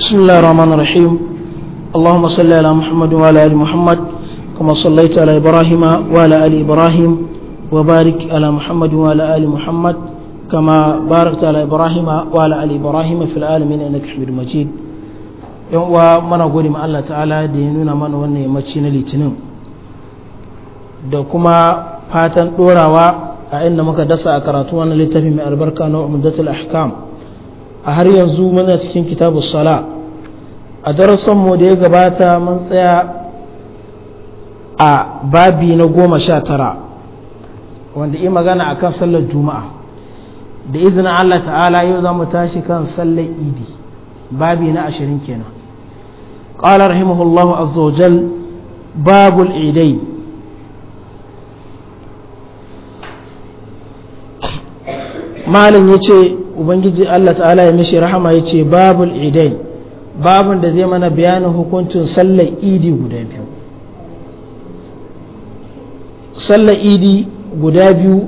بسم الله الرحمن الرحيم اللهم صل على محمد وعلى ال محمد كما صليت على ابراهيم وعلى ال ابراهيم وبارك على محمد وعلى ال محمد كما باركت على ابراهيم وعلى ال ابراهيم في العالمين انك حميد مجيد yan uwa mana gode ma Allah ta'ala da ya nuna mana wannan yammaci na litinin da kuma fatan dorawa a inda muka dasa a karatu wannan littafi mai albarka na umdatul ahkam a har yanzu muna cikin kitabu sala a darasan mu da ya gabata mun tsaya a babi na goma sha tara wanda yi magana akan sallar juma'a da izinin allah ta'ala yau za mu tashi kan sallar idi babi na ashirin kenan ƙalar himahullahu azzawajal عز وجل باب العيدين ya ce. ubangiji Allah ta'ala ya mishi rahama ya ce babul idai babun da zai mana bayanin hukuncin sallar idi guda biyu sallar idi guda biyu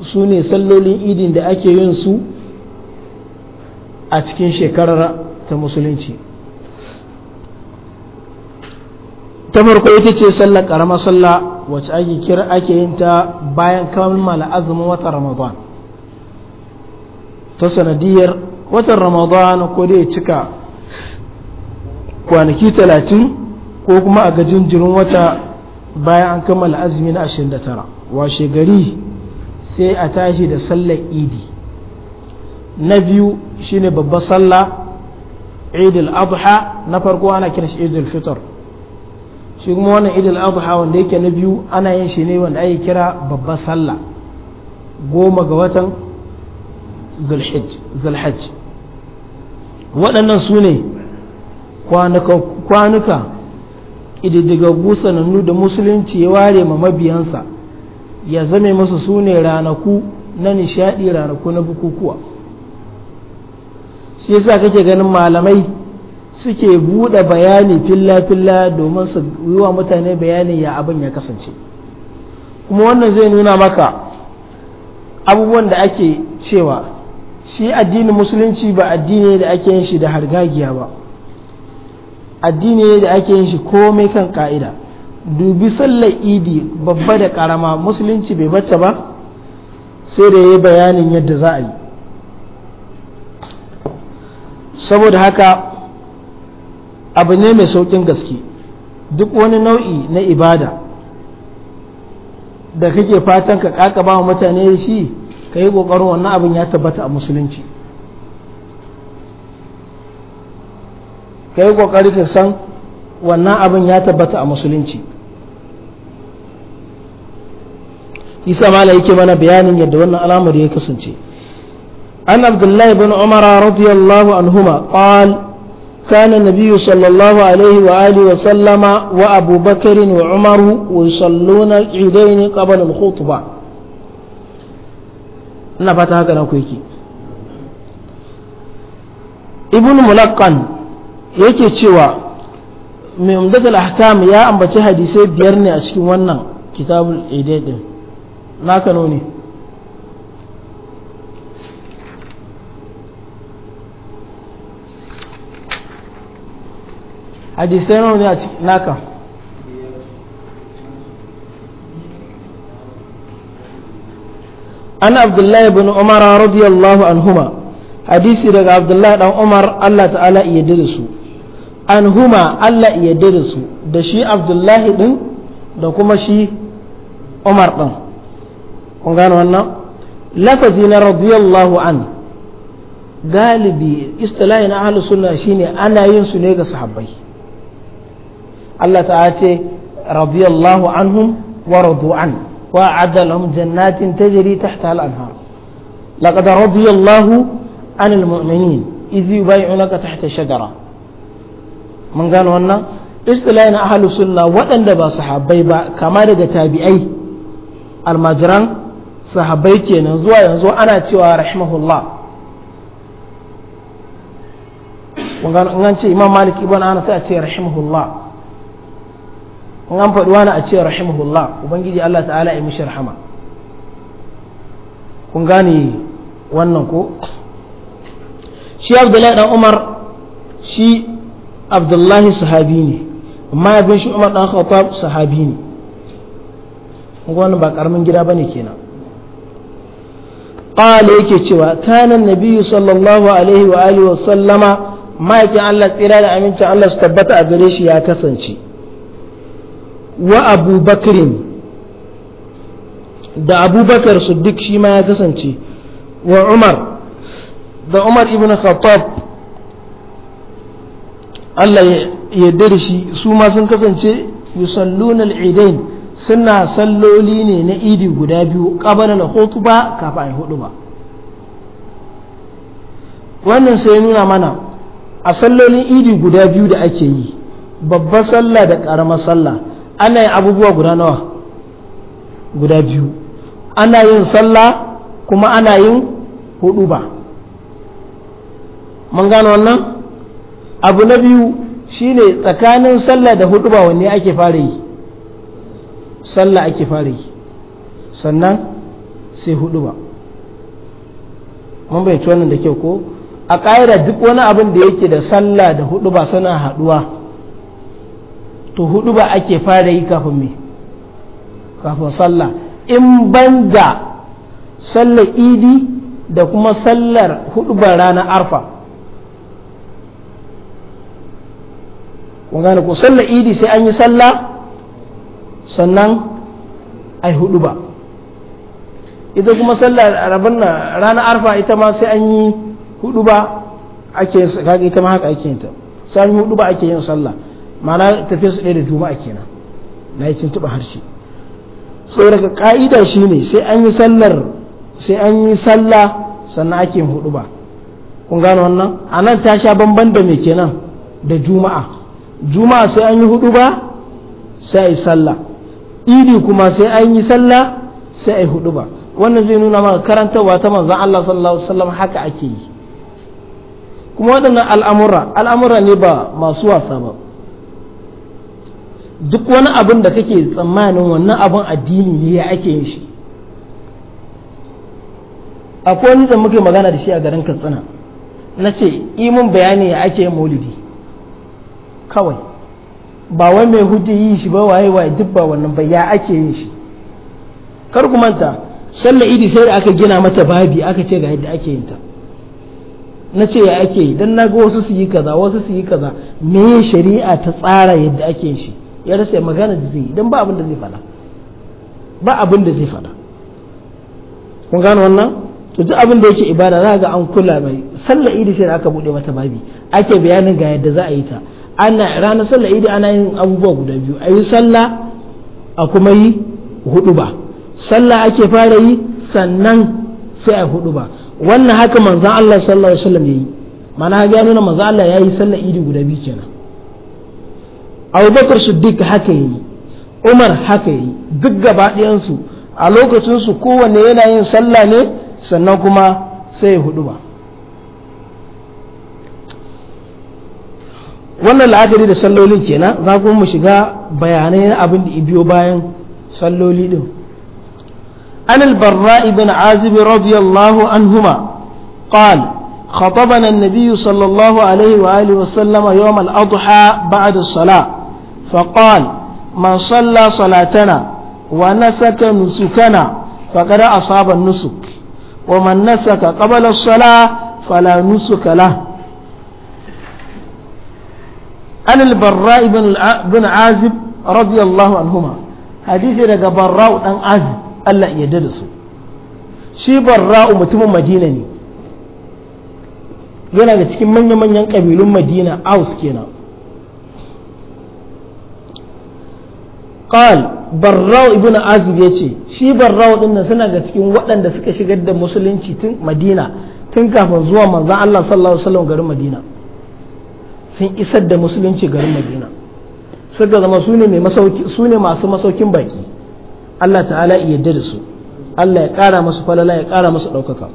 su ne sallolin idin da ake yin su a cikin shekarar ta musulunci ta farko ita ce sallar ƙaramar sallah wacce ake kira ake yin ta bayan kammala azumin wata ramadan ta sanadiyar watan ramadan ko dai cika kwanaki talatin ko kuma a gajin jirin wata bayan an kammala azumi na tara washe gari sai a tashi da sallar idi na biyu shine babbar sallah idul adha na farko ana kiran shi idul fitr shi kuma wannan idul adha wanda yake na biyu ana yin shi ne wanda ake kira babbar sallah goma ga watan zulhajj waɗannan su ne kwanuka ƙididdigaggu sanannu da musulunci ya ware ma mabiyansa ya zame masa su ne ranaku na nishadi ranaku na bukukuwa shi yasa kake ganin malamai suke buɗe bayani filla-filla domin su yi wa mutane bayani ya abin ya kasance kuma wannan zai nuna maka abubuwan da ake cewa shi addinin musulunci ba addini da ake yin shi da hargagiya ba addini da ake yin shi komai kan ka'ida dubi sallar idi babba da karama musulunci bai bata ba sai da ya yi bayanin yadda za a yi saboda haka abu ne mai saukin gaske duk wani nau'i na ibada da kake fatan ka kakaba mutane shi ka yi ƙoƙarin wannan abin ya tabbata a musulunci ka yi ƙoƙari ka san wannan abin ya tabbata a musulunci isa mala yake mana bayanin yadda wannan al'amari ya kasance an abdullahi bin umara radiyallahu anhuma qal كان النبي صلى الله عليه وآله وسلم وأبو بكر وعمر يصلون العيدين قبل الخطبة ina fata haka na ku ibn mulaqqan yake cewa mai al ahkam ya ambaci hadisai biyar ne a cikin wannan kitabul idai din kano ne hadisai nawa ne a cikin naka an abdullahi bin umar radiyallahu anhuma hadisi daga abdullahi dan umar Allah ta'ala iya da su anhuma Allah iya da su da shi abdullahi din da kuma shi umar din kun gano wannan lafazi na radiyallahu an galibi istilahi na ahlus sunna shine ana yin su ne ga sahabbai Allah ta'ala ce radiyallahu anhum wa radu an وأعد لهم جنات تجري تحتها الأنهار لقد رضي الله عن المؤمنين إذ يبايعونك تحت الشجرة من قالوا أن istilahin ahalus sunna waɗanda ba sahabbai ba kama daga tabi'ai almajiran sahabbai kenan zuwa yanzu ana cewa rahimahullah in an ce imam maliki ibn anas sai a ce rahimahullah in an faɗi wani a ce rahimahullah ubangiji Allah ta'ala ya mishi rahama kun gane wannan ko shi abdullahi dan umar shi abdullahi sahabi ne amma ya shi umar dan khattab sahabi ne wannan ba karamin gida bane kenan قال yake cewa kana nabiyyu sallallahu alaihi wa alihi wa sallama ma'aikin Allah tsira da amincin Allah su tabbata a gare shi ya kasance wa abu da abubakar siddiq shi ma ya kasance wa umar da umar ibn khattab Allah ya da shi su ma sun kasance yusalluna al-idain suna salloli ne na idi guda biyu qabala al-khutba kafin hudu ba wannan sai nuna mana a sallolin idi guda biyu da ake yi babbar sallah da ƙaramar sallah ana yin abubuwa guda nawa guda biyu ana yin sallah kuma ana yin hudu ba mun gano wannan abu na biyu shine tsakanin sallah da hudu ba wanne ake fara yi sallah ake fara yi sannan sai hudu ba mun bai wannan da kyau ko a ƙa'ida duk wani abin da yake da sallah da hudu ba suna haɗuwa to hudu ba ake fara yi kafin me kafin sallah in banda sallar idi da kuma sallar hudu ba rana arfa kun gane ko sallar idi sai an yi sallah sannan ai hudu ba ita kuma sallar rabin rana arfa ita ma sai an yi hudu ba ake ita ma haka ake yin ta sai an yi hudu ba ake yin sallah mana tafiya su ɗaya da juma'a kenan na yi tuba harshe so ka ka'ida shi ne sai an yi sallar sai an yi sallah sannan ake yin hudu ba kun gano wannan a nan ta sha bamban da mai kenan da juma'a juma'a sai an yi hudu ba sai a yi sallah idi kuma sai an yi sallah sai a yi hudu ba wannan zai nuna maka karantarwa ta manzan Allah sallallahu alaihi haka ake yi kuma waɗannan al'amura al'amura ne ba masu wasa ba duk wani abin da kake tsammanin wannan abin addini ne ya ake yin shi akwai wani da muke magana da shi a garin katsina na ce imin bayani ya ake yin maulidi kawai ba wai mai hujji yi shi ba waye waye duk ba wannan ba ya ake yin shi kar ku manta sallar idi sai da aka gina mata babi aka ce ga yadda ake yin ta na ce ya ake yi don na ga wasu su yi kaza wasu su yi kaza me shari'a ta tsara yadda ake yin shi ya rasa magana da zai don ba abin da zai faɗa ba abin da zai faɗa kun gano wannan to duk abin da yake ibada za ga an kula mai sallar idi sai da aka bude mata babi ake bayanin ga yadda za a yi ta ana rana sallar idi ana yin abubuwa guda biyu a yi sallah a kuma yi hudu ba sallah ake fara yi sannan sai a hudu ba wannan haka manzan Allah sallallahu alaihi wasallam yayi mana ga nuna manzan Allah yi sallar idi guda biyu kenan abubakar siddiq haka yi umar haka yi duk gaba ɗayansu a lokacinsu kowane yana yin sallah ne sannan kuma sai hudu ba wannan la'akari da sallolin kenan za kuma mu shiga bayanai na abin da biyo bayan salloli din an albarra ibn azib radiyallahu anhuma qal خطبنا النبي صلى الله عليه وآله وسلم يوم الأضحى بعد الصلاة فقال من صلى صلاتنا ونسك نسكنا فقد أصاب النسك ومن نسك قبل الصلاة فلا نسك له عن البراء بن عازب رضي الله عنهما حديث لك براء بن عازب ألا يدرسه shi barra'u mutumin madina ne yana da cikin manya-manyan ƙabilun madina aus kenan qal barrau ibn azib yace shi barrau din nan suna ga cikin waɗanda suka shigar da musulunci tun madina tun kafin zuwa manzon Allah sallallahu alaihi wasallam garin madina sun isar da musulunci garin madina suka zama su ne mai masu masaukin baki Allah ta'ala ya yarda da su Allah ya ƙara masu falala ya ƙara masu ɗaukaka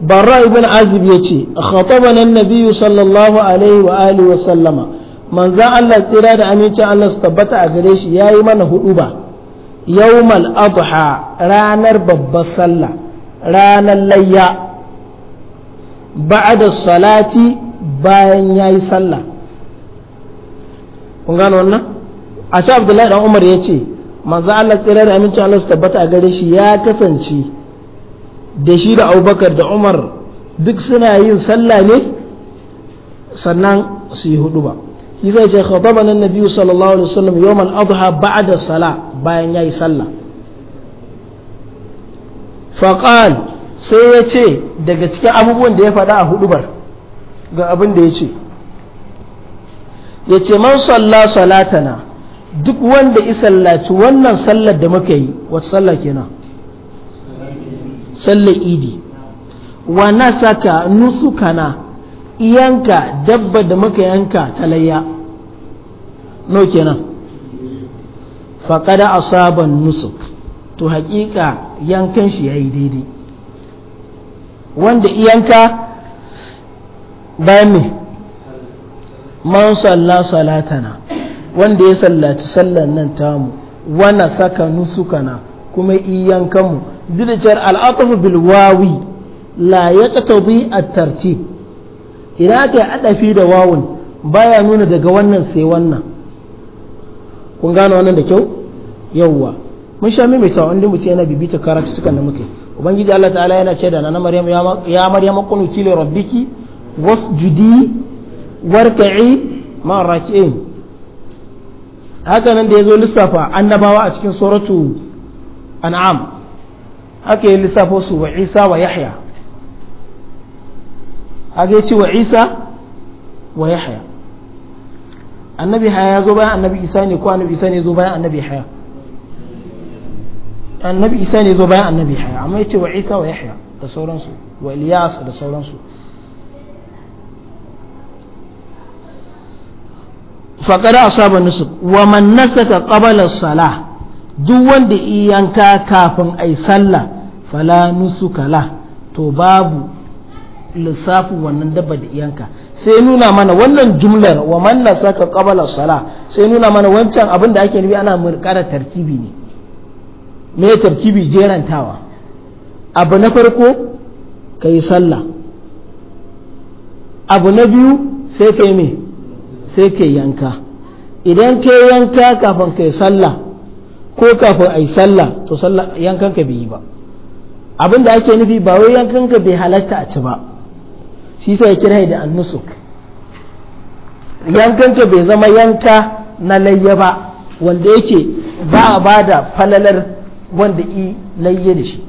barra ibn azib yace khatabana an-nabiy sallallahu alaihi wa alihi wa sallama manzan Allah tsira da amincin Allah su tabbata a gare shi yayi mana hudu ba yawmal adha ranar babbar sallah ranar layya ba'da salati bayan yayi sallah kun gano wannan a ce Abdullahi dan Umar ya ce manzan Allah tsira da amincin Allah su tabbata a gare shi ya kasance da shi da Abubakar da Umar duk suna yin sallah ne sannan su yi hudu ba yasa ce khatabana annabi sallallahu alaihi wasallam yawmal adha ba'da sala bayan yayi sallah faqal sai ya ce daga cikin abubuwan da ya faɗa a hudubar ga abin da ya ce ya ce man salla salatana duk wanda sallaci wannan sallar da muka yi wata sallah kenan sallar idi wa nasaka nusukana iyanka dabba da muka yanka talayya no kenan faƙada asaban nusuk to haƙiƙa yankan shi ya yi daidai wanda iyanka bayan me man salla salatana wanda ya sallaci sallan nan tamu wana saka nusukana kuma iyankanmu dirjar al'atafu bilwawi la ya tattazi a tartib idan aka yi adafi da wawun baya nuna daga wannan sai wannan kun gane wannan da kyau yawwa mun sha mai tawa inda mutum yana bibita karatu sukan da muke ubangiji Allah ta'ala yana ce da nana maryam ya maryam kunu li rabbiki wasjudi warka'i ma raki'in haka nan da yazo lissafa annabawa a cikin suratu an'am haka ya lissafo su wa isa wa yahya haka ya wa isa wa yahya annabi haya ya zo bayan annabi isa ne ko annabi isa ne zo bayan annabi haya annabi isa ne zo bayan annabi haya amma yace wa isa wa yahya da sauransu wa ilyas da sauransu faƙada asaba nusuk wa man nasaka qabala salah duk wanda iyanka kafin ai sallah fala nusuka la to babu lissafin wannan dabba da iyanka sai nuna mana wannan jumlar wa man nasaka qabala sala sai nuna mana wancan abin da ake nufi ana murƙara tartibi ne me tartibi jerantawa abu na farko kai sallah abu na biyu sai kai me sai kai yanka idan kai yanka kafin kai sallah ko kafin ai sallah to sallah yankan ka bai yi ba abin da ake nufi ba wai yankan ka bai halatta a ci ba shi sai ya kira da annusuk yankanta bai zama yanka na layya ba wanda yake za a ba da falalar wanda i layya da shi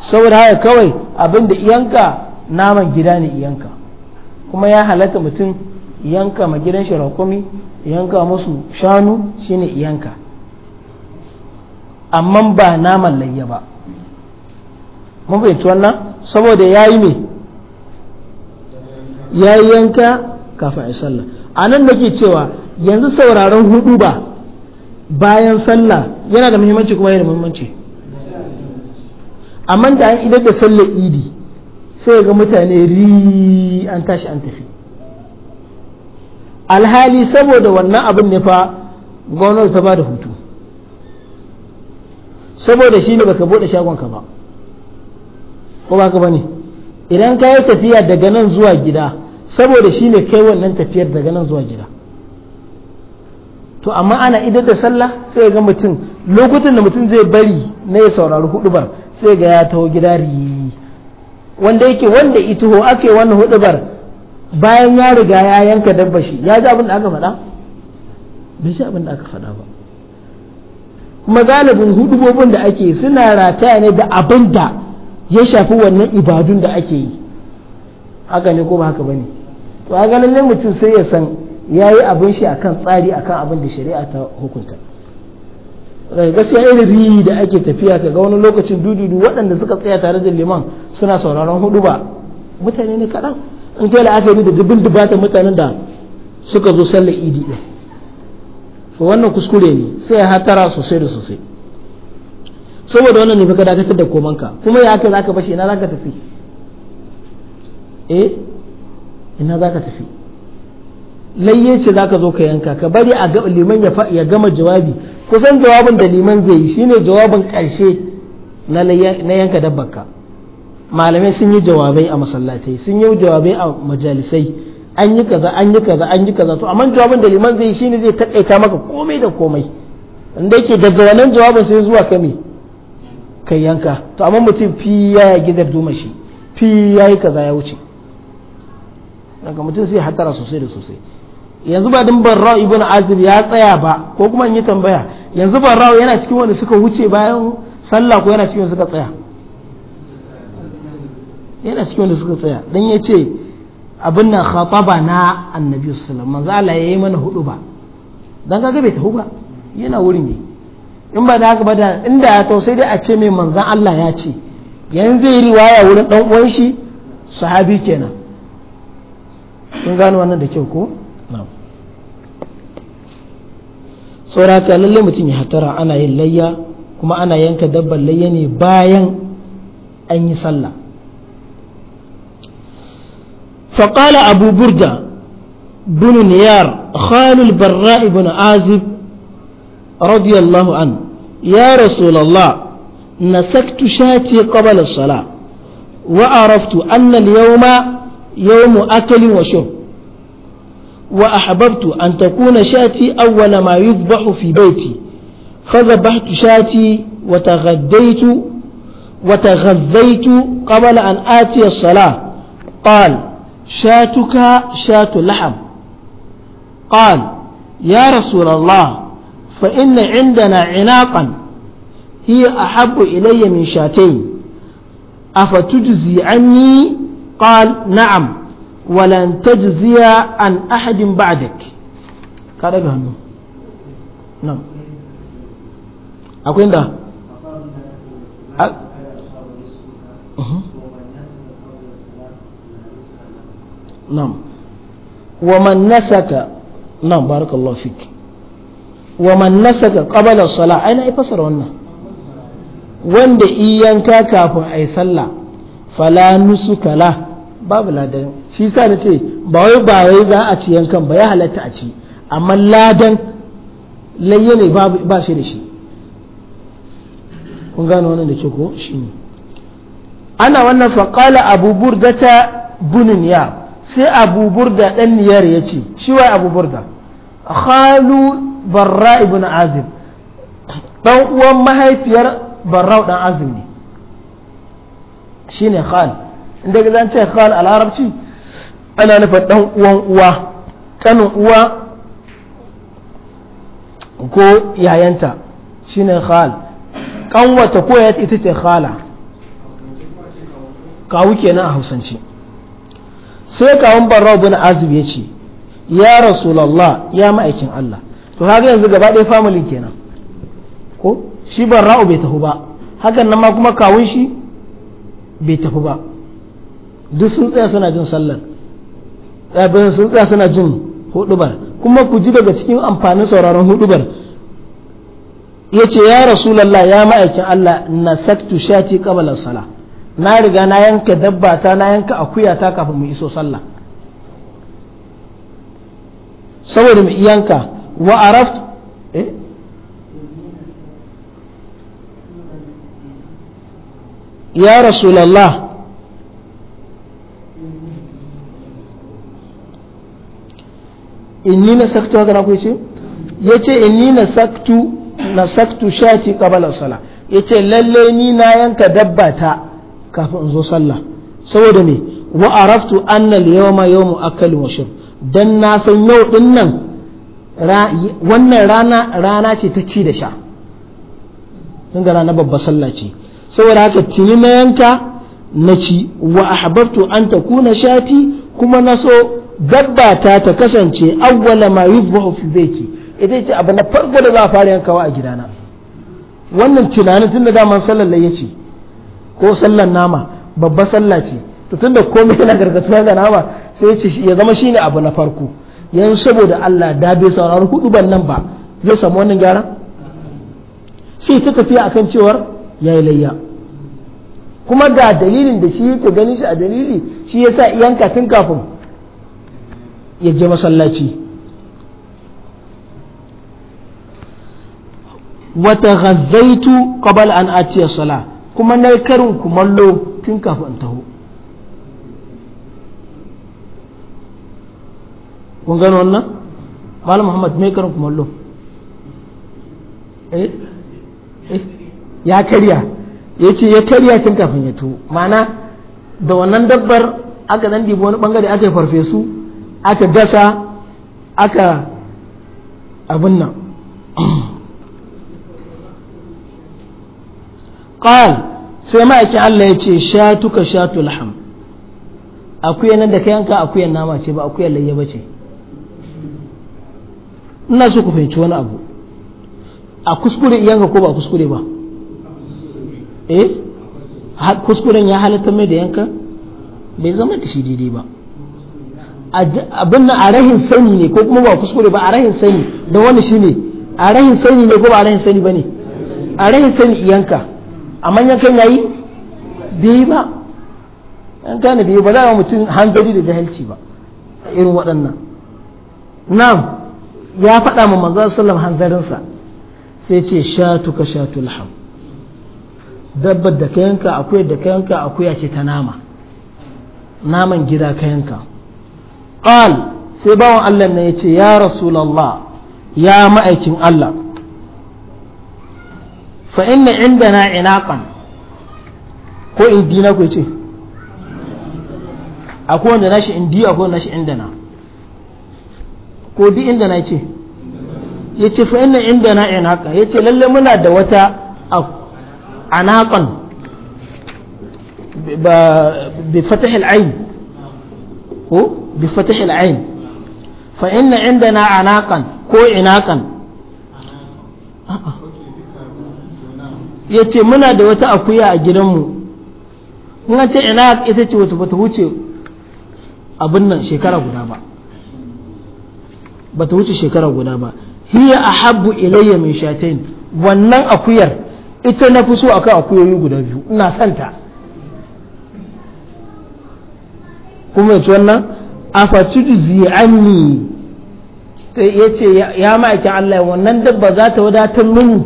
saboda haka kawai abin da iyanka naman gida ne iyanka kuma ya halatta mutum yanka ma gidan shi rakumi yanka musu shanu shine yanka amma ba naman layya ba mun fahimci wannan saboda ya yi me ya yi yanka kafin a yi sallah a nan da ke cewa yanzu sauraron hudu ba bayan sallah yana da muhimmanci kuma yana da muhimmanci amma da an idar da sallar idi sai ga mutane ri an tashi an tafi alhali saboda wannan abin ne fa gwamnati ta ba da hutu saboda shi ne baka bude shagonka ba ko ba ka bane idan ka yi tafiya daga nan zuwa gida saboda shi ne kai wannan tafiyar daga nan zuwa gida to amma ana idar da sallah sai ga mutum lokutan da mutum zai bari na ya saurari hudubar sai ga ya taho gida riyi wanda yake wanda ituho ake wannan hudubar bayan ya riga ya yanka dabba shi ya ji abin da aka faɗa bai ji abin da aka faɗa ba kuma galibin hudubobin da ake suna rataya ne da abin da ya shafi wannan ibadun da ake yi haka ne ko ba haka bane to a ganin mutum sai ya san yayi abin shi akan tsari akan abin da shari'a ta hukunta daga gaskiya irin riyi da ake tafiya kaga wani lokacin dududu waɗanda suka tsaya tare da liman suna sauraron hudu ba mutane ne kaɗan in kai la'akari da dubin dubatan mutanen da suka zo sallar idi ɗin to wannan kuskure ne sai ya hatara sosai da sosai saboda wannan ne fa ka dakatar da komanka kuma ya aka zaka bashi ina zaka tafi eh ina za ka tafi lalle ce za ka zo ka yanka ka bari a liman ya gama jawabi kusan jawabin da liman zai yi shine jawabin ƙarshe na yanka dabbarka malamai sun yi jawabai a masallatai sun yi jawabai a majalisai an yi kaza an yi kaza an yi kaza to amma jawabin da liman zai yi shine zai takaita maka komai da komai inda yake daga wannan jawabin sai zuwa kame kai yanka to amma mutum fi ya gidar duma shi fi ya yi kaza ya wuce daga mutum sai hatara sosai da sosai yanzu ba din barra ibn azib ya tsaya ba ko kuma in yi tambaya yanzu barra yana cikin wanda suka wuce bayan sallah ko yana cikin suka tsaya yana cikin wanda suka tsaya dan ya ce abin nan khataba na annabi sallallahu manzo ya yi mana hudu ba dan kaga bai tahu ba yana wurin ne in ba da haka ba da inda ya to sai dai a ce mai manzan Allah ya ce yanzu zai riwaya wurin dan uwan shi sahabi kenan kun gano wannan da kyau ko saboda haka mutum ya hatara ana yin layya kuma ana yanka dabbar layya ne bayan an yi sallah فقال أبو بردة بن نيار خال البراء بن عازب رضي الله عنه يا رسول الله نسكت شاتي قبل الصلاة وعرفت أن اليوم يوم أكل وشرب وأحببت أن تكون شاتي أول ما يذبح في بيتي فذبحت شاتي وتغديت وتغذيت قبل أن آتي الصلاة قال شاتك شات لحم قال يا رسول الله فإن عندنا عناقا هي أحب إلي من شاتين أفتجزي عني قال نعم ولن تجزي عن أحد بعدك قال أقول نعم أقول ده نعم ومن نسك نعم بارك الله فيك ومن نسك قبل الصلاة أين يفسر هنا وند إيانك كافو أي صلى فلا نسك له babu ladan shi sa na ce ba wai ba wai za a ci yankan ba ya halatta a ci amma ladan layya ne ba shi da shi kun gano wannan da ke ko shi ne ana wannan faƙala abu burda ta bunin ya sai abu burda ɗan niyar ya ce shi wai abu burda khalu barra ibn azib ɗan uwan mahaifiyar barra ɗan azib ne shi ne khal inda ga zan ce khal a larabci ana nufa dan uwan uwa kanin uwa ko yayanta shine khal kanwata ko yayanta ita ce khala kawu kenan a hausance sai kawun barra bin azib ya ce ya rasulallah ya ma'aikin Allah to haka yanzu gaba ɗaya familin kenan ko shi barra'u bai tafi ba hakan nan ma kuma kawun shi bai tafi ba duk sun tsaya suna jin sallar ɗabin sun tsaya suna jin hudubar kuma ku ji daga cikin amfanin sauraron hudubar ya ce ya rasulallah ya ma'aikin Allah na saktu shati kabalar sala na riga na yanka dabba ta na yanka akuya ta kafin mu iso sallah saboda mu yanka wa araftu eh ya rasulallah inni na saktu haka na ku ce ya ce inni na saktu na saktu shati kabala sala ya ce lalle ni na yanka dabba ta kafin in zo sallah saboda me wa araftu annal yawma yawmu akal wa shurb dan na san yau din nan wannan rana rana ce ta ci da sha gana rana babba sallah ce saboda haka tuni na yanka na ci wa ahbabtu an takuna shati kuma na so dabba ta ta kasance awwala ma yuzbahu fi baiti ita ce abu na farko da za a fara yankawa a gidana wannan tunanin tunda daman sallar lai ce ko sallar nama babba sallah ce to tunda komai yana gargatuwa ga nama sai ya ce ya zama shine abu na farko yanzu saboda Allah da bai saurari hudu ban nan ba zai samu wannan gyara sai ta tafiya akan cewar yayi layya kuma ga dalilin da shi yake gani shi a dalili shi yasa yanka tun kafin ya je masallaci wata ghazzaitu qabal an atiya sala kuma nai karin kumallo tun kafin taho kun gano wannan malam muhammad mai karin kumallo eh? eh ya karya ya ce ya karya tun kafin ya taho ma'ana da wannan dabbar aka dan dibi wani bangare aka yi farfesu aka gasa aka abin nan qal sai ma'aikin Allah ya ce tuka shatu tulham akuyan nan da ka yanka akuyan nama ce ba akuyan layya ba ce ina so ku fahimci wani abu a kuskure yanka ko ba a kuskure ba eh kuskuren ya halatta mai da yanka bai zama da shi daidai ba abin nan a rahin sani ne ko kuma ba kuskure ba a rahin sani da wani shi ne a rahin sani ne ko ba a rahin sani ba ne a rahin sani iyanka a manyan kan yayi bai ba an gane biyu ba za a mutum hangari da jahilci ba irin waɗannan na'am ya faɗa ma manzo sallam hanzarinsa sai ce shatu ka shatu alham dabbar da kayanka akwai da kayanka akwai ce ta nama naman gida kayanka qal sai bawa Allah na ya ce ya rasulallah ya ma'aikin Allah fa inna indana inaqan ko indina ku ce akwai wanda nashi indi akwai wanda nashi indana ko duk indana ce ya ce fa inna indana inaqan ya ce lalle muna da wata anaqan bi fatahil ayn ko بفتح العين فإن عندنا عناقا كو عناقا yace muna da wata akuya a gidanmu in an ce ina ita ce wata bata wuce abin nan shekara guda ba bata wuce shekara guda ba hiya ahabbu ilayya min shatain wannan akuyar ita na fi so akan akuyoyi guda biyu ina santa kuma yace wannan a anni sai ya ce ya ma'aikin Allah wannan dabba za ta wadatar mini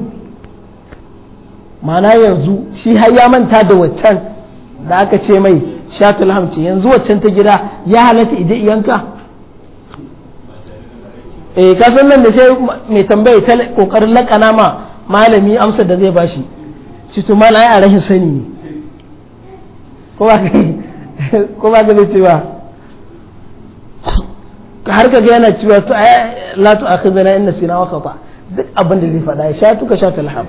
mana yanzu shi har ya manta da waccan da aka ce mai shatul hamci yanzu waccan ta gida ya halatta idan iyanka eh kasan nan da sai mai tambaye ta kokarin lakana ma malami amsa da zai bashi shi to malai a rashin sani ne ko ba ko ba ce cewa har ka ga yana cewa to ai la tu akhidna inna sina wa khata duk abin da zai faɗa ya sha tuka sha talham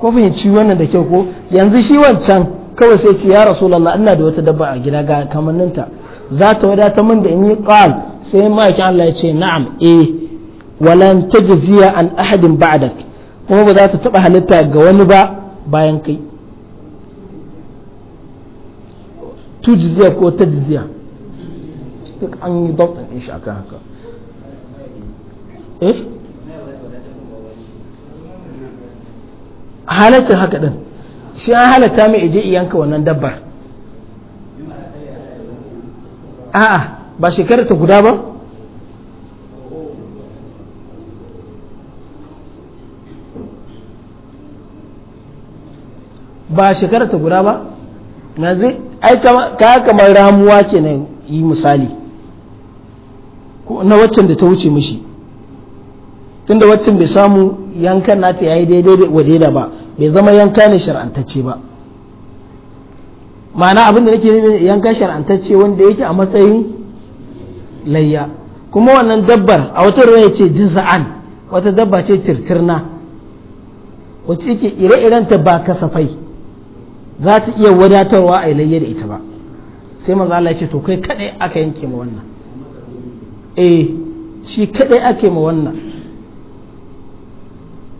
ko fahimci wannan da kyau ko yanzu shi wancan kawai sai ce ya rasulullah ina da wata dabba a gida ga kamanninta za ta wadata min da in yi qal sai ma'aikin Allah ya ce na'am eh walan tajziya an ahadin ba'dak kuma ba za ta taba halitta ga wani ba bayan kai tujziya ko tajziya duk an yi dautan shi akan haka eh halaccin haka din shi an halatta mai ije iyanka wannan dabbar a'a ba shekarar ta guda ba ba shekarar ta guda ba na zai aika kamar ramuwa ke na yi misali na waccan da ta wuce mishi tunda waccan bai samu yankan nata yayi daidai da da ba bai zama yanka ne shar'antacce ba ma'ana abin da nake nufi yanka shar'antacce wanda yake a matsayin layya kuma wannan dabbar a wata ruwa ya ce jinsa'an wata dabba ce tirtirna wacce yake ire iren ta ba kasafai za ta iya wadatarwa a layya da ita ba sai manzo Allah ya ce to kai kadai aka yanke ma wannan eh shi kadai ake ma wannan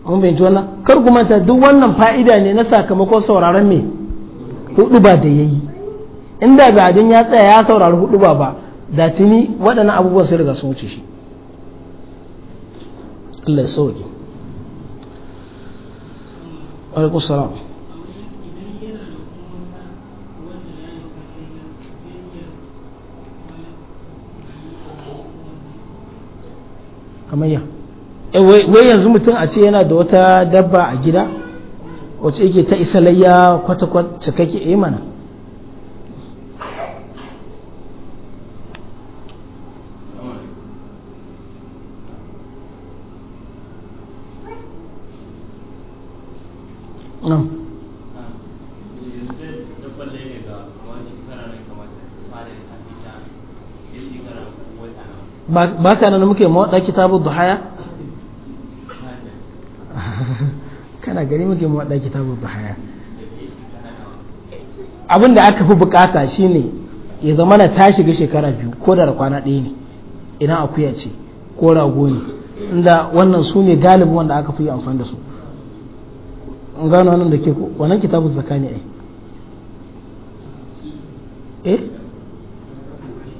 an bai wannan kar ku manta duk wannan fa'ida ne na sakamakon sauraron me hudu ba da yayi inda ba adin ya tsaya ya saurari hudu ba ba da tuni waɗannan abubuwan sun riga sun wuce shi Allah ya sauke salam kamar ya eh, wai yanzu mutum a ce yana da wata dabba a gida wacce yake ta isa layya kwata-kwata cikakke eh mana No. ba ka nan muke mawaɗa kitabu duhaya kana gari muke mawaɗa kitabu duhaya abin da aka fi bukata shine ya zama na ta shiga shekara biyu ko da kwana ɗaya ne idan akuya ce ko rago ne inda wannan su ne galibin wanda aka fi amfani da su gano wannan da ke wannan kitabun zaka ne ai eh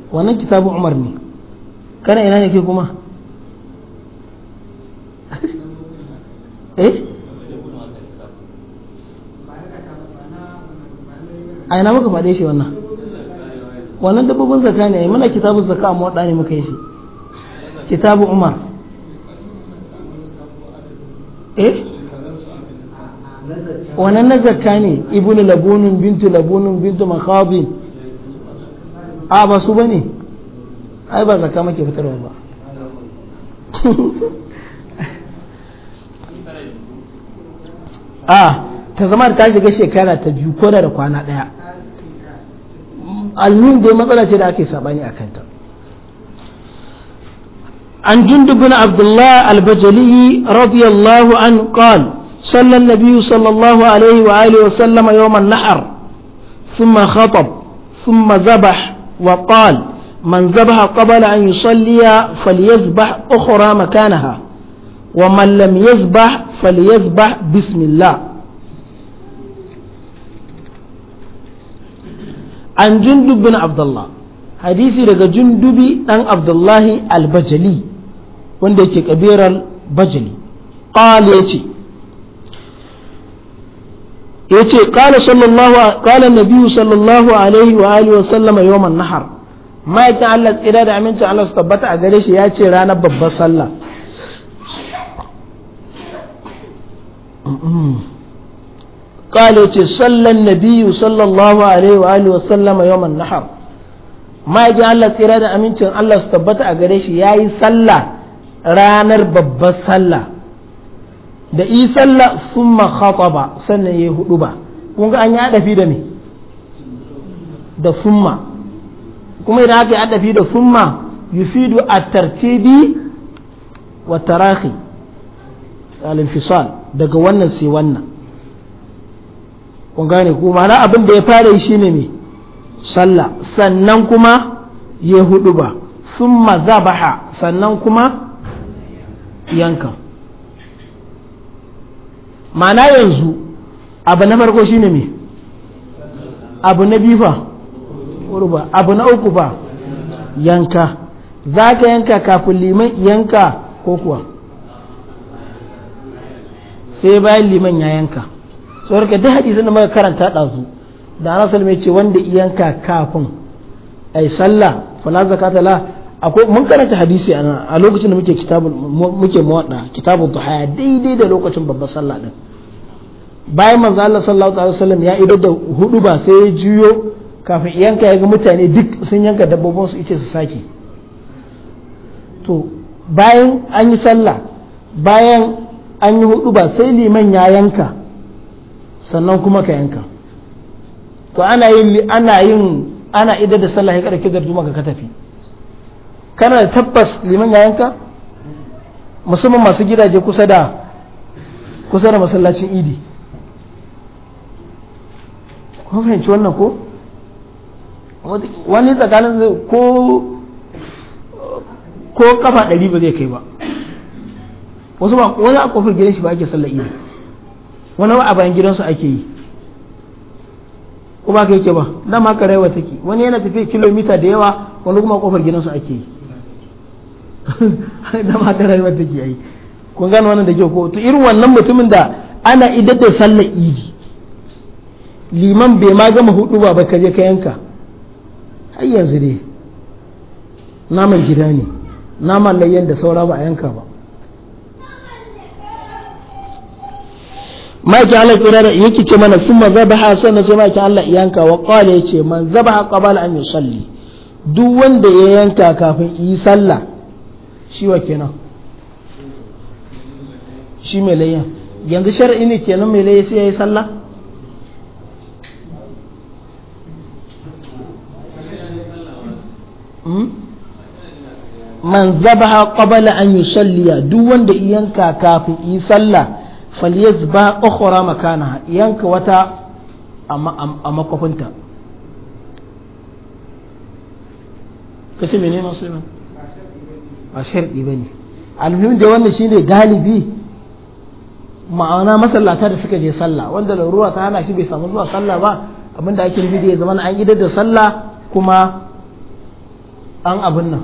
wannan kitabun umar ne kana ina ne ke kuma eh a ina muka faɗe shi wannan wannan dabbobin zaka ne ai muna kitabun zaka amma wadda ne muka yi shi kitabu umar eh wannan na zakka ne ibnu labunun bintu labunun bintu makhadin a ba su bane ai ba zaka muke fitarwa ba a ah, ta zama ta shiga shekara ta biyu ko da kwana ɗaya almin dai matsala ce da ake sabani a kanta an جندب بن عبد الله البجلي رضي الله صلى النبي صلى الله عليه وآله وسلم يوم النحر ثم خطب ثم ذبح وقال من ذبح قبل أن يصلي فليذبح أخرى مكانها ومن لم يذبح فليذبح بسم الله عن جندب بن عبد الله حديثي لك جندبي عن عبد الله البجلي وندي كبير البجلي قال يتي yace qala sallallahu qala an-nabiy sallallahu alaihi wa alihi wa sallama yawm an-nahr ma'aikin Allah tsira da amincin Allah su tabbata a gare shi ya ce ranar babbar sallah kale ce sallan nabiyu sallallahu alaihi wa alihi wasallama yawan nahar ma'aikin Allah tsira da amincin Allah su tabbata a gare shi ya yi sallah ranar babbar sallah da yi sallah sun makhataba sannan ya yi hudu ba kun ga an yi adafi da me da summa kuma idan aka yi adafi da summa yufidu a tartibi wa tarahi al daga wannan sai wannan kun gane ku ma'ana abin da ya fara yi shine me sallah sannan kuma ya hudu ba summa zabaha sannan kuma yanka ma'ana yanzu abu na farko shine me abu na bifa urba abu na uku ba yanka za ka yanka kafin liman yanka ko kuwa sai bayan liman ya yanka tsoraka duk hadisin da muka karanta ɗazu da ana salme ce wanda yanka kafin a yi sallah fala zakata la akwai mun karanta hadisi a lokacin da muke kitabul muke muwadda kitabun daidai da lokacin babban sallah din bayan manzo Allah sallallahu alaihi wasallam ya idar da hudu ba sai ya juyo kafin yanka ya ga mutane duk sun yanka dabbobinsu ita su sake to bayan an yi sallah bayan an yi hudu ba sai liman ya yanka sannan kuma ka yanka to ana yin ana yin ana idar da sallah ya karke garduma ka tafi kana da tabbas liman ya yanka musamman masu gidaje kusa da kusa da masallacin idi ko fahimci wannan ko wani tsakanin zai ko ko kafa ɗari ba zai kai ba wasu ba wani a kofar gidan shi ba ake sallar iya wani ba a bayan gidansu ake yi ko ba kai ke ba dan ma karewa take wani yana tafiya kilomita da yawa wani kuma kofar gidansu ake yi dan ma karewa take yi kun gano wannan da kyau ko to irin wannan mutumin da ana idar da sallar idi liman bai ma gama hudu ba ka je ka yanka Ai yanzu dai naman gida ne naman layyan da saura ba a yanka ba maki Allah tsira da yake ce mana sun ma zaba ha sannan sai maki Allah yanka wa qala ce man zaba ha qabala an yusalli duk wanda ya yanka kafin yi sallah shi wa kenan shi mai layyan yanzu shar'i ne kenan mai layya sai yayi sallah Hmm? man zabaha qabala an yusalliya duk wanda yanka kafin yi sallah falyazba ukhra makanaha yanka wata a makwafinta kace menene musulman ba sharɗi ba alhim da wannan shine galibi ma'ana masallata da suka je sallah wanda larura ta hana shi bai samu zuwa sallah ba abinda ake nufi da ya zama an idar da sallah kuma an abin nan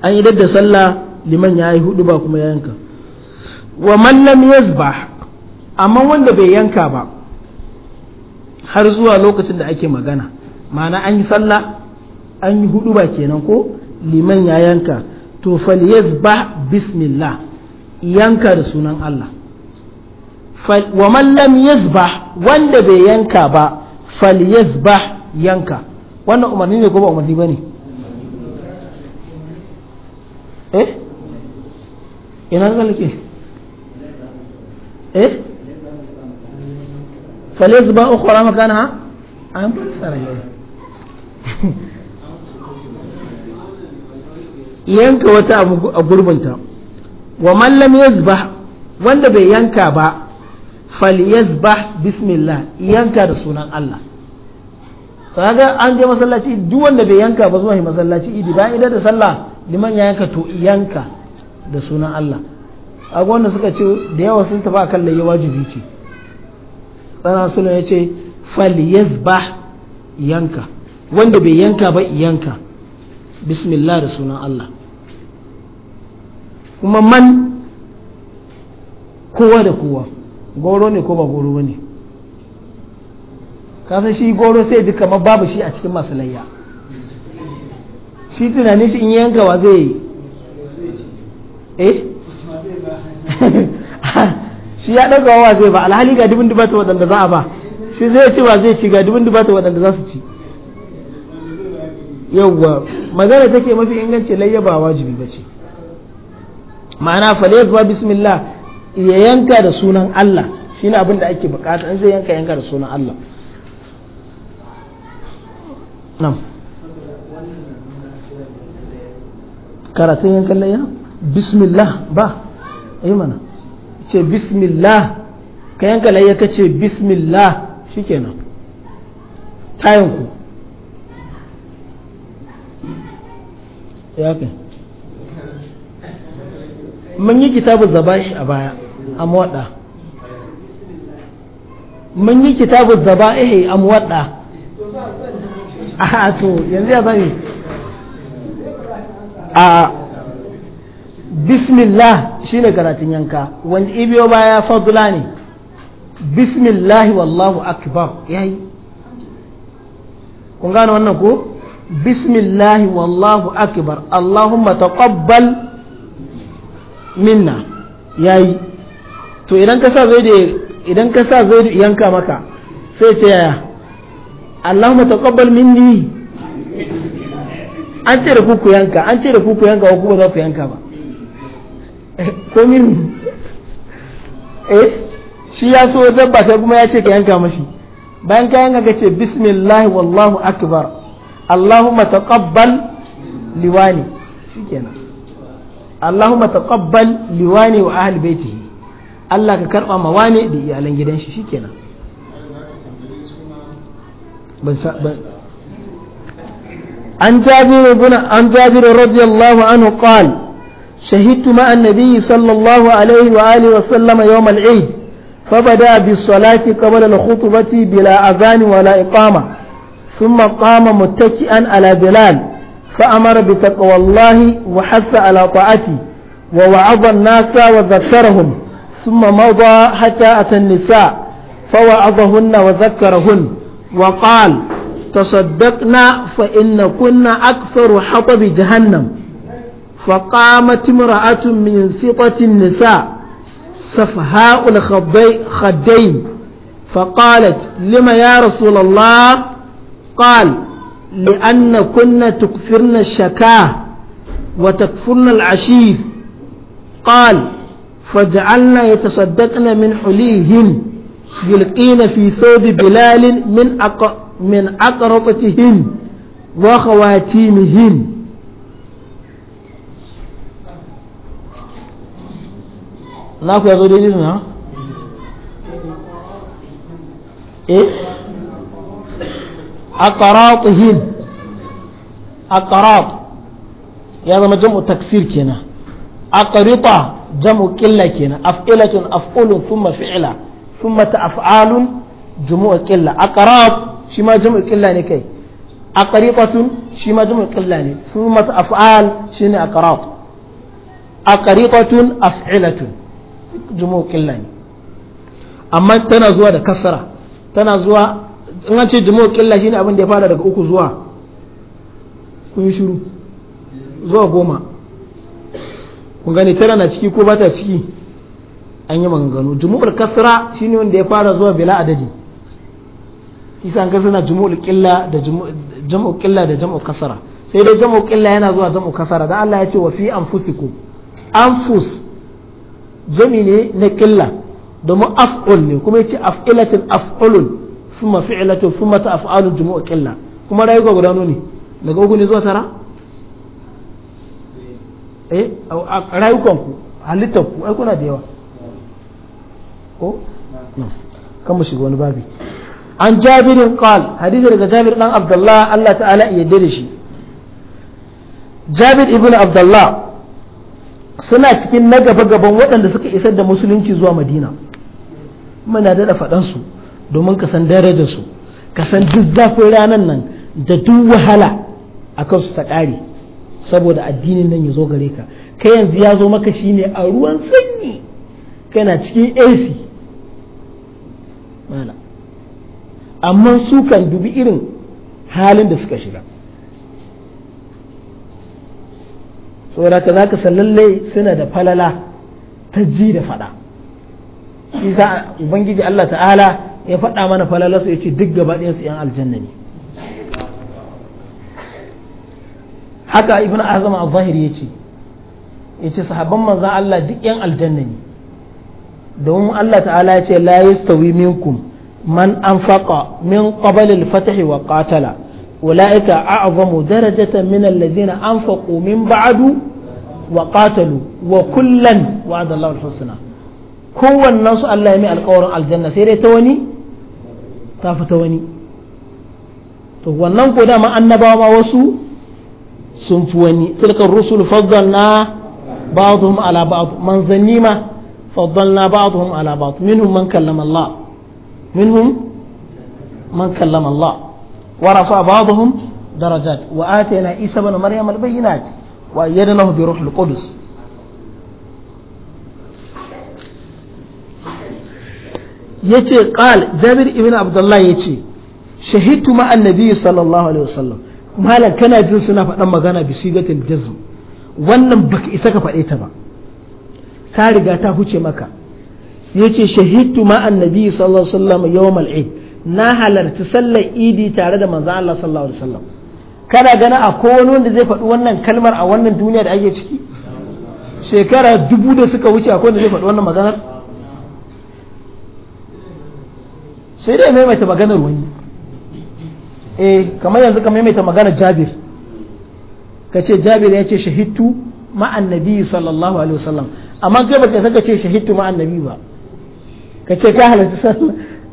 an yi da sallah liman ya yi hudu ba kuma ya yanka wa man lam yazba amma wanda bai yanka ba har zuwa lokacin da ake magana ma'ana an yi sallah an yi hudu ba kenan ko liman ya yanka to fal yazba bismillah yanka da sunan Allah wa man lam yazba wanda bai yanka ba fal yazba yanka wannan umarni ne ko ba umarni ba ne eh ina ga lake eh fale zuba ukhra makana an fasara yanka wata a gurbinta wa mallam yazbah wanda bai yanka ba fal yazbah bismillah yanka da sunan Allah kaga an je masallaci duk wanda bai yanka ba zuwa masallaci idi ba idan da sallah liman ya yanka to yanka da sunan Allah akwai wanda suka ce da yawa sun tafi akan laye wajibi ce tsana suna ya ce falyazbah yanka wanda bai yanka ba yanka bismillah da sunan Allah kuma man kowa da kowa goro ne ko ba goro ne kasan shi goro sai ji kamar babu shi a cikin masu layya shi tunanin shi in yanka wa zai yi eh shi ya ɗauka wa zai ba alhali ga dubin dubata waɗanda za a ba shi zai ce wa zai ci ga dubin dubata waɗanda za su ci yawwa magana take mafi inganci layya ba wajibi ba ce ma'ana faliyat ba bismillah ya yanka da sunan Allah shine abin da ake bukata in zai yanka yanka da sunan Allah nan karatun yankan bismillah ba yi mana ce bismillah ka yanka layya ka ce bismillah shikenan tayanku ya kai mun yi kitabun zaba'i a baya a mun yi Ah, to yanzu ya zami a ah, bismillah shine karatun yanka wanda ibiyo baya fadula ne bismillah wallahu akbar yayi kun gane wannan ko bismillah wallahu akbar allahumma taqabbal minna yayi to idan ka sa zai da idan ka sa zai yanka maka sai ce yaya Allahumma taqabbal minni an ce da kuku yanka an ce da kuku yanka ko kuma za ku yanka ba eh, ko min eh shi ya so dabba sai kuma ya ce ka yanka mashi bayan ka yanka ka ce bismillah wallahu akbar Allahumma taqabbal liwani shikenan Allahumma taqabbal liwani wa ahli baitihi Allah ka karba ma wani da iyalan gidan shi shikenan ban عن جابر بن عن جابر رضي الله عنه قال شهدت مع النبي صلى الله عليه وآله وسلم يوم العيد فبدأ بالصلاة قبل الخطبة بلا أذان ولا إقامة ثم قام متكئا على بلال فأمر بتقوى الله وحث على طاعته ووعظ الناس وذكرهم ثم مضى حتى أتى النساء فوعظهن وذكرهن وقال تصدقنا فإن كنا أكثر حطب جهنم فقامت امرأة من سطة النساء سفهاء الخدين فقالت لم يا رسول الله قال لأن كنا تكثرن الشكاه وتكفرن العشير قال فجعلنا يتصدقن من حليهن يلقين في ثوب بلال من أق... من أقرطتهن وخواتيمهم ناكو يا زوجي ها إيه أقراطهم أقراط يا ما جمع تكسير كنا أقرطة جمع كلا كنا أفئلة أفئل ثم فعلة thumma ta'af'alun jumu'a qilla aqrab shi ma jumu'a qilla ne kai aqriqatun shi ma jumu'a qilla ne thumma shi ne aqrab aqriqatun af'ilatun jumu'a qilla ne amma tana zuwa da kasara tana zuwa in an ce jumu'a qilla shine abin da ya fara daga uku zuwa kun yi shiru zuwa goma kun gane tara na ciki ko ba ta ciki an yi maganganu jumu'ul kasra shine wanda ya fara zuwa bila adadi isan ka suna jumu'ul qilla da jumu'ul qilla da jumu'ul kasra sai dai jumu'ul qilla yana zuwa jumu'ul kasra dan Allah ya ce wa fi anfusiku anfus jami ne na qilla da mu af'ul ne kuma yace af'ilatin af'ulun thumma fi'latun thumma ta'afalu jumu'ul qilla kuma rayu ga guda ne daga uku ne zuwa tara eh rayukanku ku ai kuna da yawa ko hmm. kan shiga wani babi an jabirin qal hadisi daga jabir dan abdullah Allah ta'ala ya yarda da shi jabir ibn abdullah suna cikin na gaba gaban waɗanda suka isar da musulunci zuwa madina muna daɗa faɗan su domin ka san darajarsu ka san duk zafin ranar nan da duk wahala a kansu ta ƙare saboda addinin nan ya zo gare ka kai yanzu ya zo maka shine a ruwan sanyi kana cikin AC mana amma su kan dubi irin halin da suka shiga saboda ka za ka sallalle lallai suna da falala ta ji da faɗa isa ubangiji Allah ta'ala ya faɗa mana falala su ya ce duk gaba su 'yan aljanna ne haka ibnu azam al zahiri ya ce ya ce sahabban manzan Allah duk 'yan aljanna ne domin Allah ta'ala ya ce la yastawi minkum man anfaqa min qabl al-fath wa qatala ulaika a'zamu darajatan min alladhina anfaqu min ba'du wa qatalu wa kullan wa'ada Allahu al-husna kowannen su Allah ya mai alƙawarin aljanna sai dai ta wani ta fi ta wani to wannan ko dama annabawa ma wasu sun fi wani tilkar rusul faddalna ba'dhum ala ba'd manzanni ma فضلنا بعضهم على بعض منهم من كلم الله منهم من كلم الله ورفع بعضهم درجات وآتينا عيسى بن مريم البينات وأيدناه بروح القدس yace qal jabir ibn abdullah yace shahidtu ma annabi sallallahu alaihi wasallam malam kana jin suna faɗan magana bi sigatil jazm wannan baka isa ka faɗe ta ba ka riga ta huce maka yace shahidtu ma annabi sallallahu alaihi wasallam yawmal eid na halarci sallar idi tare da manzon Allah sallallahu alaihi wasallam kana gana a kowane wanda zai faɗi wannan kalmar a wannan duniya da ake ciki shekara dubu da suka wuce akwai wanda zai faɗi wannan maganar sai dai maimaita maganar wani eh kamar yanzu ka maimaita maganar jabir ka ce jabir ya ce shahidtu ma'an nabi sallallahu alaihi wasallam amma kai baka saka ce shahidtu ma annabi ba ka ce ka halarci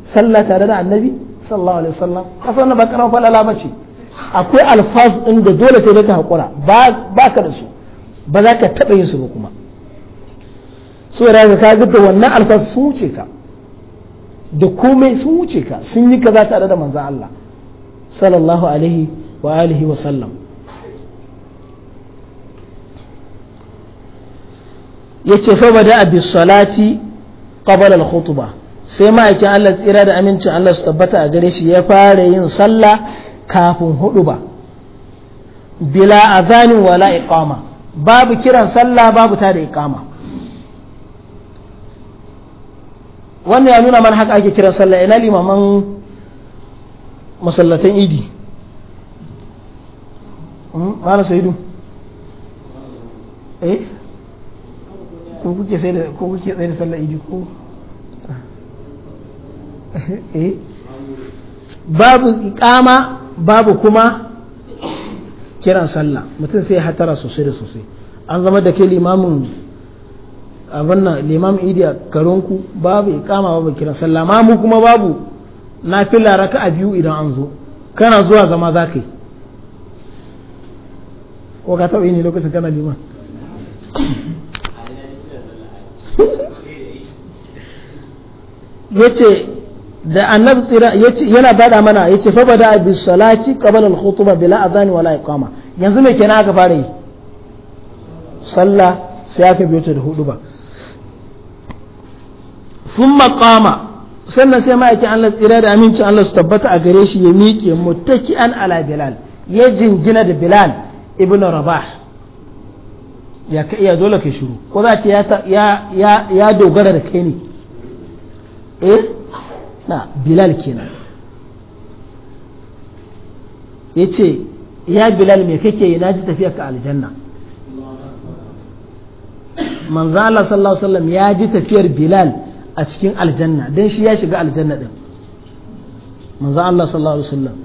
sallah tare da annabi sallallahu alaihi wasallam ka san ba karama falala bace akwai alfaz din da dole sai ka hakura ba ka da su ba za ka taba yin su ba kuma so da ka ga da wannan alfaz sun wuce ka da komai sun wuce ka sun yi kaza tare da manzon Allah sallallahu alaihi wa alihi wa sallam yace fa da bi salati qabla al khutbah sai ma'aikin Allah tsira da amincin Allah su tabbata a gare shi ya fara yin sallah kafin hudu ba bila azanin wala iqama babu kiran sallah babu ta da iqama wannan ya nuna mana haka ake kiran sallah ina limaman masallatan idi hmm? mana sayidu eh ko kuke babu babu kuma kiran sallah mutum sai hatara sosai da sosai an zama da ke limamin abin nan limamin idi a garinku babu ikama babu kiran sallah ma mu kuma babu na fi laraka a biyu idan an zo kana zuwa zama za ka yi ko ka taɓa yi ne lokacin kana liman yace da annabi tsira yace yana bada mana yace fa bada bi salati qabla al khutbah bila adhan wala iqama yanzu me kenan aka fara yi sallah sai aka biyo ta da hudu ba thumma qama sannan sai ma'aikin Allah tsira da amincin Allah su tabbata a gare shi ya miƙe an ala bilal ya jingina da bilal ibn rabah ya ka iya dole ka shiru ko za ce ya dogara da kai ne eh na bilal kenan ya ce ya bilal me kake yi na ji tafiya ka aljanna manzo Allah sallallahu alaihi wasallam ya ji tafiyar bilal a cikin aljanna dan shi ya shiga aljanna din manzo Allah sallallahu alaihi wasallam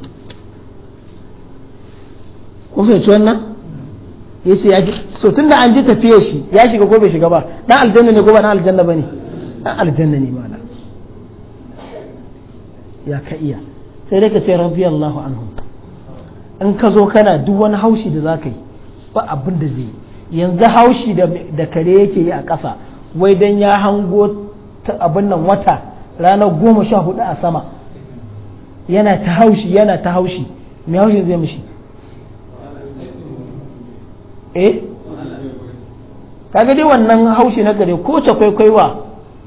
kun fahimci wannan yace ya so tunda an ji tafiyar shi ya shiga ko bai shiga ba dan aljanna ne ko ba dan aljanna bane dan aljanna ne mala ya ka iya sai dai ka ce radiyallahu anhu in ka zo kana duk wani haushi da zaka yi ba abin da zai yanzu haushi da kare yake yi a ƙasa wai dan ya hango abin nan wata ranar goma sha hudu a sama yana ta haushi yana ta haushi mai haushi zai mishi eh kaga dai wannan haushi na gare ko ta kwaikwaiwa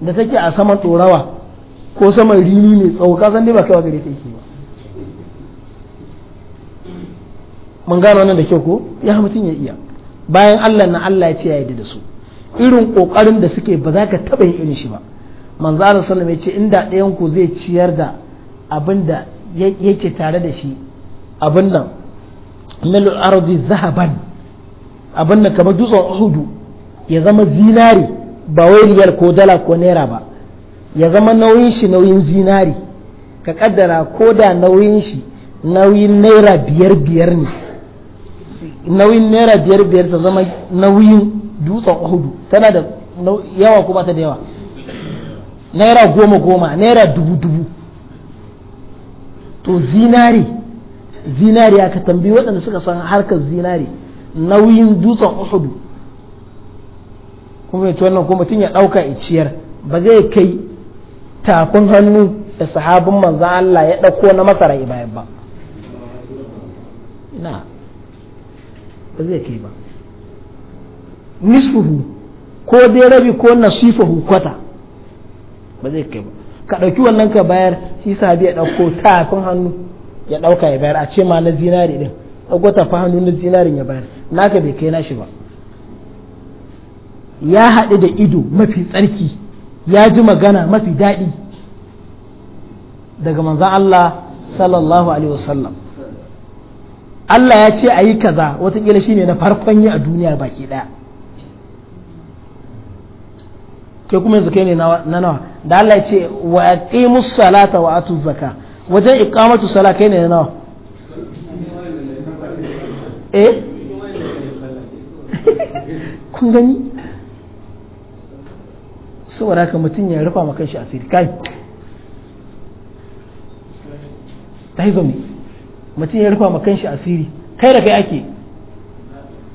da take a saman tsorawa ko saman rini mai tsawo ka san dai ba kaiwa gare ta ba mun gano wannan da kyau ko ya mutum ya iya bayan Allah na Allah ya ce ya yi da su irin kokarin da suke ba za ka taba yin irin shi ba manzo Allah sallallahu ya ce inda ɗayan ku zai ciyar da abin da yake tare da shi abin nan milul ardi zahaban abin da kamar dutsen uhudu ya zama zinari ba wai riyal ko dala ko naira ba ya zama nauyin shi nauyin zinari ka kaddara ko da nauyin shi nauyin naira biyar biyar ne nauyin naira biyar biyar ta zama nauyin dutsen uhudu tana da yawa ko ba ta da yawa naira goma goma naira dubu dubu to zinari zinari aka tambayi waɗanda suka san harkar zinari nauyin dutsen uhudu kuma ita wannan kuma mutum ya dauka iciyar ba zai kai takun hannu da sahabin manzan Allah ya dauko na masara bayan ba na ba zai kai ba nisfuhu ko dai rabi ko nasifahu kwata ba zai kai ba ka dauki wannan ka bayar shi sahabi ya dauko takun hannu ya dauka ya bayar a ce ma na zinari din agwata fa hannu na zinarin ya bayar naka bai kai nashi ba ya haɗu da ido mafi tsarki ya ji magana mafi daɗi daga manzan Allah sallallahu alaihi wasallam Allah ya ce a yi kaza watakila shine na farkon yi a duniya baki ɗaya ke kuma yanzu kai ne na nawa da Allah ya ce wa aqimus salata wa atuz zaka wajen iqamatu salata kai ne na nawa eh kun gani saboda haka mutum ya rufa maka shi asiri kai ta yi zomi mutum ya rufa maka shi asiri kai da kai ake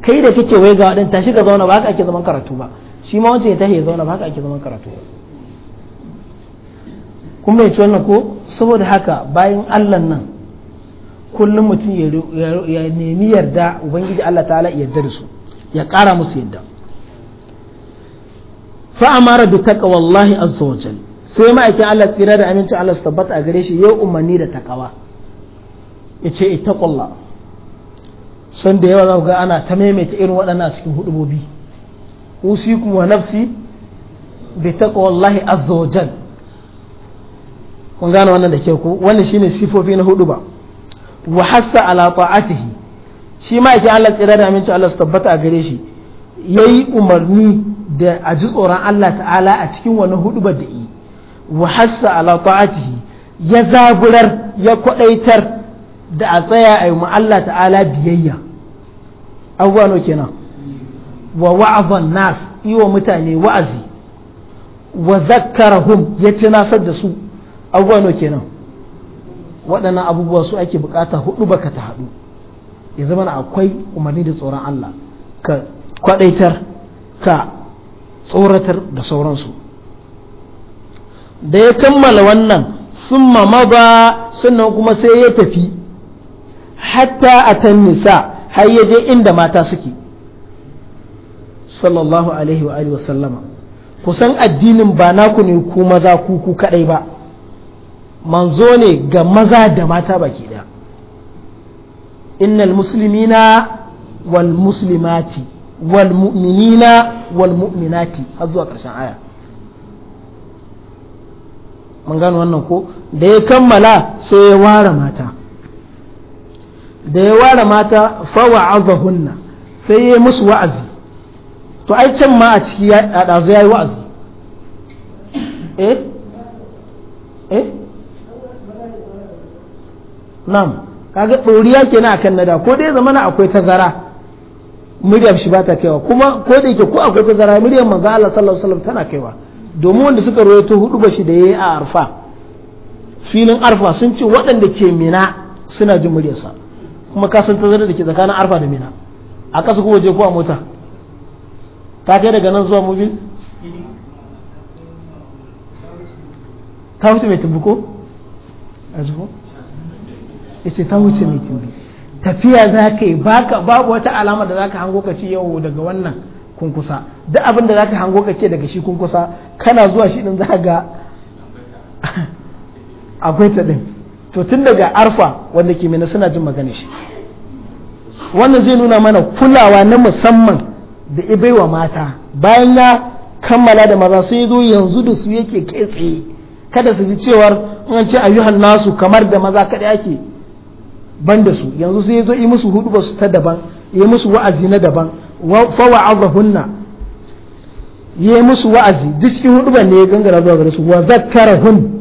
kai da kake wai ga waɗin tashi ka zauna ba haka ake zaman karatu ba shi ma wancan ya tashi ya zauna ba haka ake zaman karatu ba kuma ya ci wannan ko saboda haka bayan allan nan kullum mutum ya nemi yarda ubangiji Allah ta'ala yarda da su ya kara musu yadda fa'amara bi taqwa wallahi azza sai ma'aikin Allah tsira da amincin Allah su tabbata a gare shi ya umarni da takawa yace ittaqullah san da yawa za ga ana ta maimaita irin waɗannan a cikin hudubobi usikum wa nafsi bi taqwa wallahi azza kun gane wannan da ke ku wannan shine sifofi na hudu ba wa hassa ala ta'atihi shi ma yake Allah tsira da aminci Allah su tabbata a gare shi yayi umarni da a ji tsoron Allah ta'ala a cikin wani hudubar da yi wa hassa ala ta'atihi ya zaburar ya kwadaitar da a tsaya a yi Allah ta'ala biyayya abubuwa no kenan wa wa'azan nas iwa mutane wa'azi wa zakkarahum ya tunasar da su abubuwa no kenan waɗannan abubuwa su ake bukata hudu baka ta haɗu ya zama akwai umarni da tsoron Allah ka kwadaitar ka tsoratar da sauransu da ya kammala wannan sun mamaba sannan kuma sai ya tafi hatta a tan nisa har ya je inda mata suke sallallahu alaihi wa sallama kusan addinin ba naku ne ku maza ku ku kadai ba manzo ne ga maza da mata baki ɗaya innal muslimina wal muslimati wal mu'minina wal mu'minati har zuwa ƙarshen aya mun gano wannan ko da ya kammala sai ya ware mata da ya ware mata fawa azahunna sai ya musu wa'azi to ai can ma a ciki a ɗazu ya yi wa'azi eh eh nam kaga ɗoriya kenan akan nada ko dai zamana akwai tazara muryar shi ba ta kaiwa kuma ko da yake ko akwai tazara muryar manzo Allah sallallahu alaihi wasallam tana kaiwa domin wanda suka rawaito hudu ba shi da yayi a arfa filin arfa sun ce waɗanda ke mina suna jin muryarsa kuma ka san tazara da ke tsakanin arfa da mina a ƙasa ko waje ko a mota ta kai daga nan zuwa mobil ta wuce mai tabbuko. a jiko yace ta wuce mitin tafiya za ka yi babu wata alama da za ka hango ka ce yau daga wannan kun kusa duk abin da za ka hango ka ce daga shi kun kana zuwa shi din za ga akwai ta din to tun daga arfa wanda ke mena suna jin magana shi wannan zai nuna mana kulawa na musamman da ibaiwa mata bayan ya kammala da maza sai zo yanzu da su yake kai tsaye kada su ji cewar an ce ayyuhan nasu kamar da maza kada ake ban da su yanzu sai ya zo yi musu hudu su ta daban yi musu wa'azi na daban fa wa'azahunna yi musu wa'azi duk cikin hudu ne ya gangara zuwa gare su wa zakkarahun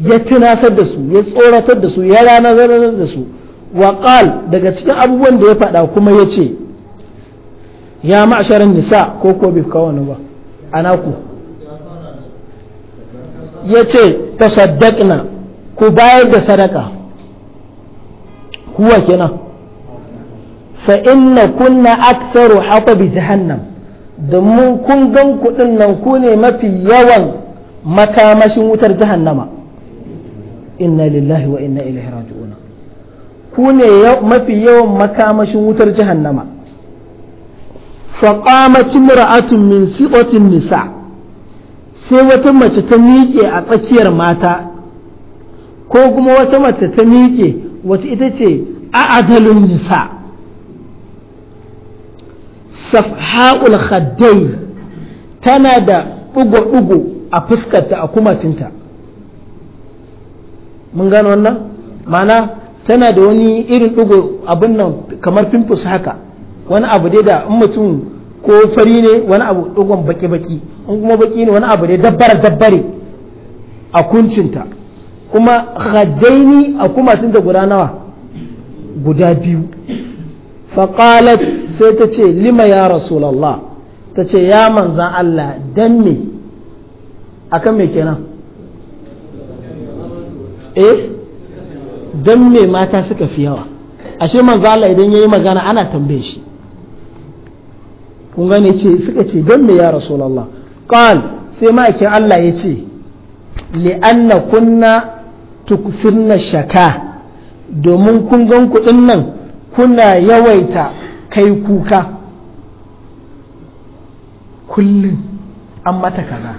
ya tunasar da su ya tsoratar da su ya ranar da su wa qal daga cikin abubuwan da ya faɗa kuma ya ce ya ma'asharin nisa ko ko bai kawo ba ana ku ya ce tasaddaqna ku bayar da sadaka kuwa kenan fa inna kunna aktsaru hatabi jahannam domin kun gan kuɗin nan ku ne mafi yawan makamashin wutar jahannama inna lillahi wa inna ilaihi raji'una ku ne mafi yawan makamashin wutar jahannama فقامت امرأة min سقة nisa sai wata mace ta miƙe a tsakiyar mata ko kuma wata mace ta miƙe wace ita ce a'adalun nisa safha'ul khaddai tana da ɗugo-ɗugo a fuskarta a kumatinta mun gano wannan mana tana da wani irin ɗugo abin nan kamar fimfus haka wani abu dai da in mutum ko fari ne wani abu ɗugon baki-baki in kuma baki ne wani abu dai dabbare-dabbare a kuncinta kuma khaddaini a kumatun da guda nawa guda biyu faƙalat sai ta ce lima ya rasulallah ta ce ya manzan Allah don me kan me kenan eh don me mata suka fi yawa ashe manzan Allah idan ya yi magana ana tambaye shi kun gane ce suka ce don me ya rasulallah qal sai ma'aikin Allah ya ce li'anna kunna tukfirna shaka domin kun gan kuɗin nan kuna yawaita kai kuka kullum an mata kaza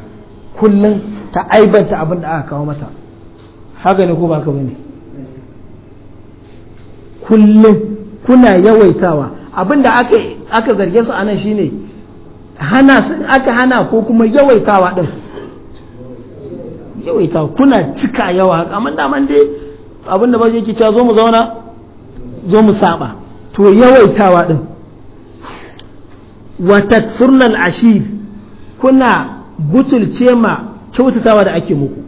kullum ta aibanta abin da aka kawo mata haka ne ko ba ka bane kullum kuna yawaitawa abin da aka zarge su anan shine hana sun aka hana ko kuma yawaitawa din yawaita kuna cika yawa amma daman dai abin da bashi yake cewa zo mu zauna zo mu saba to yawaitawa din wa al ashir kuna butulce ma kyautatawa da ake muku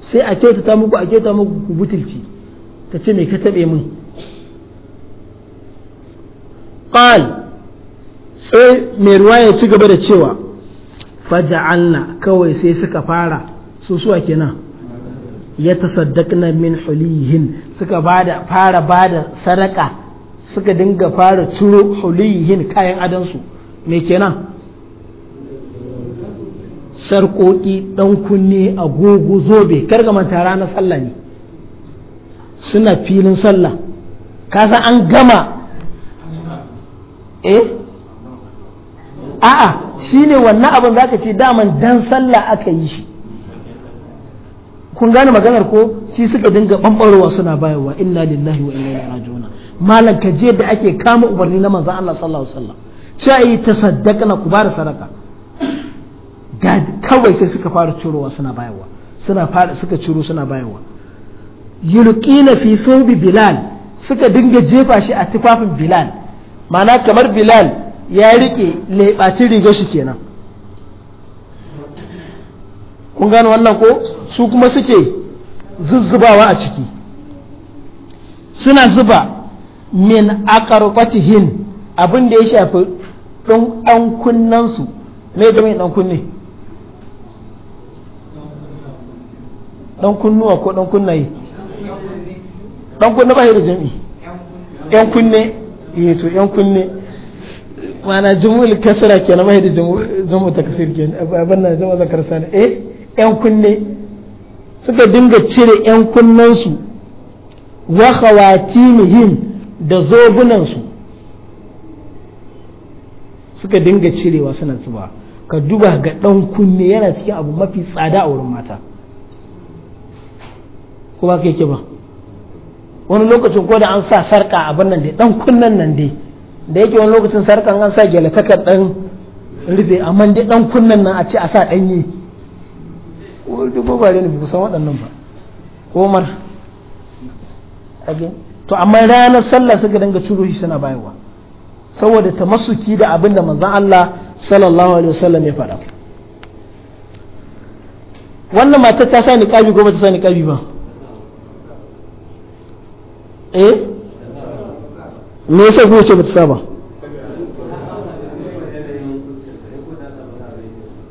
sai a kyautata muku a kyautata muku ku butulci ta ce me ka taɓe min qal sai mai ruwa ya ci gaba da cewa faja'alna kawai sai suka fara su suwa kenan ya tasaddaqna min hulihin suka bada fara bada sadaka suka dinga fara ciro hulihin kayan adansu me kenan sarƙoƙi ɗan kunne agogo zobe karga manta ranar sallah ne suna filin sallah kasa an gama eh a'a shine wannan abin zaka ce daman dan sallah aka yi shi kun gane maganar ko shi suka dinga bambarowa suna bayarwa inna lillahi wa inna ilaihi raji'un malam ka je da ake kama umarni na manzon Allah sallallahu alaihi wasallam cewa yi tasaddaqna ku bada sadaka ga kawai sai suka fara cirowa suna bayarwa suna fara suka ciro suna bayarwa yulqina fi thawbi bilal suka dinga jefa shi a tufafin bilal ma'ana kamar bilal ya rike leɓaci riga shi kenan kun gano wannan ko su kuma suke zuzzubawa a ciki suna zuba min akarkwatihin abin da ya shafi ɗan kunnansu mai da mai ɗan kunne ɗan kunnuwa ko ɗan kunnaye ɗan kunne ba da jami'i 'yan kunne eh kunne mana jumul kasra kenan mai da jumu takfir kenan abin nan jumu zakar sana eh yan kunne suka dinga cire yan kunnensu wa khawatimihim da su suka dinga cirewa suna zuba ka duba ga dan kunne yana cikin abu mafi tsada a wurin mata kuma ke ba wani lokacin ko da an sa sarka abin nan dai dan kunnen nan dai da yake wani lokacin sarkan an sa gyale takar dan rufe amma dai dan kunnan nan a ce a sa danye ko duk ba ne ku san waɗannan ba komar to amma ranar sallah suka dinga ciro shi suna bayarwa saboda ta da abin da manzon Allah sallallahu alaihi wasallam ya faɗa wannan matar ta sa niqabi ko ba ta sa kabi ba eh me yasa ku ce bata saba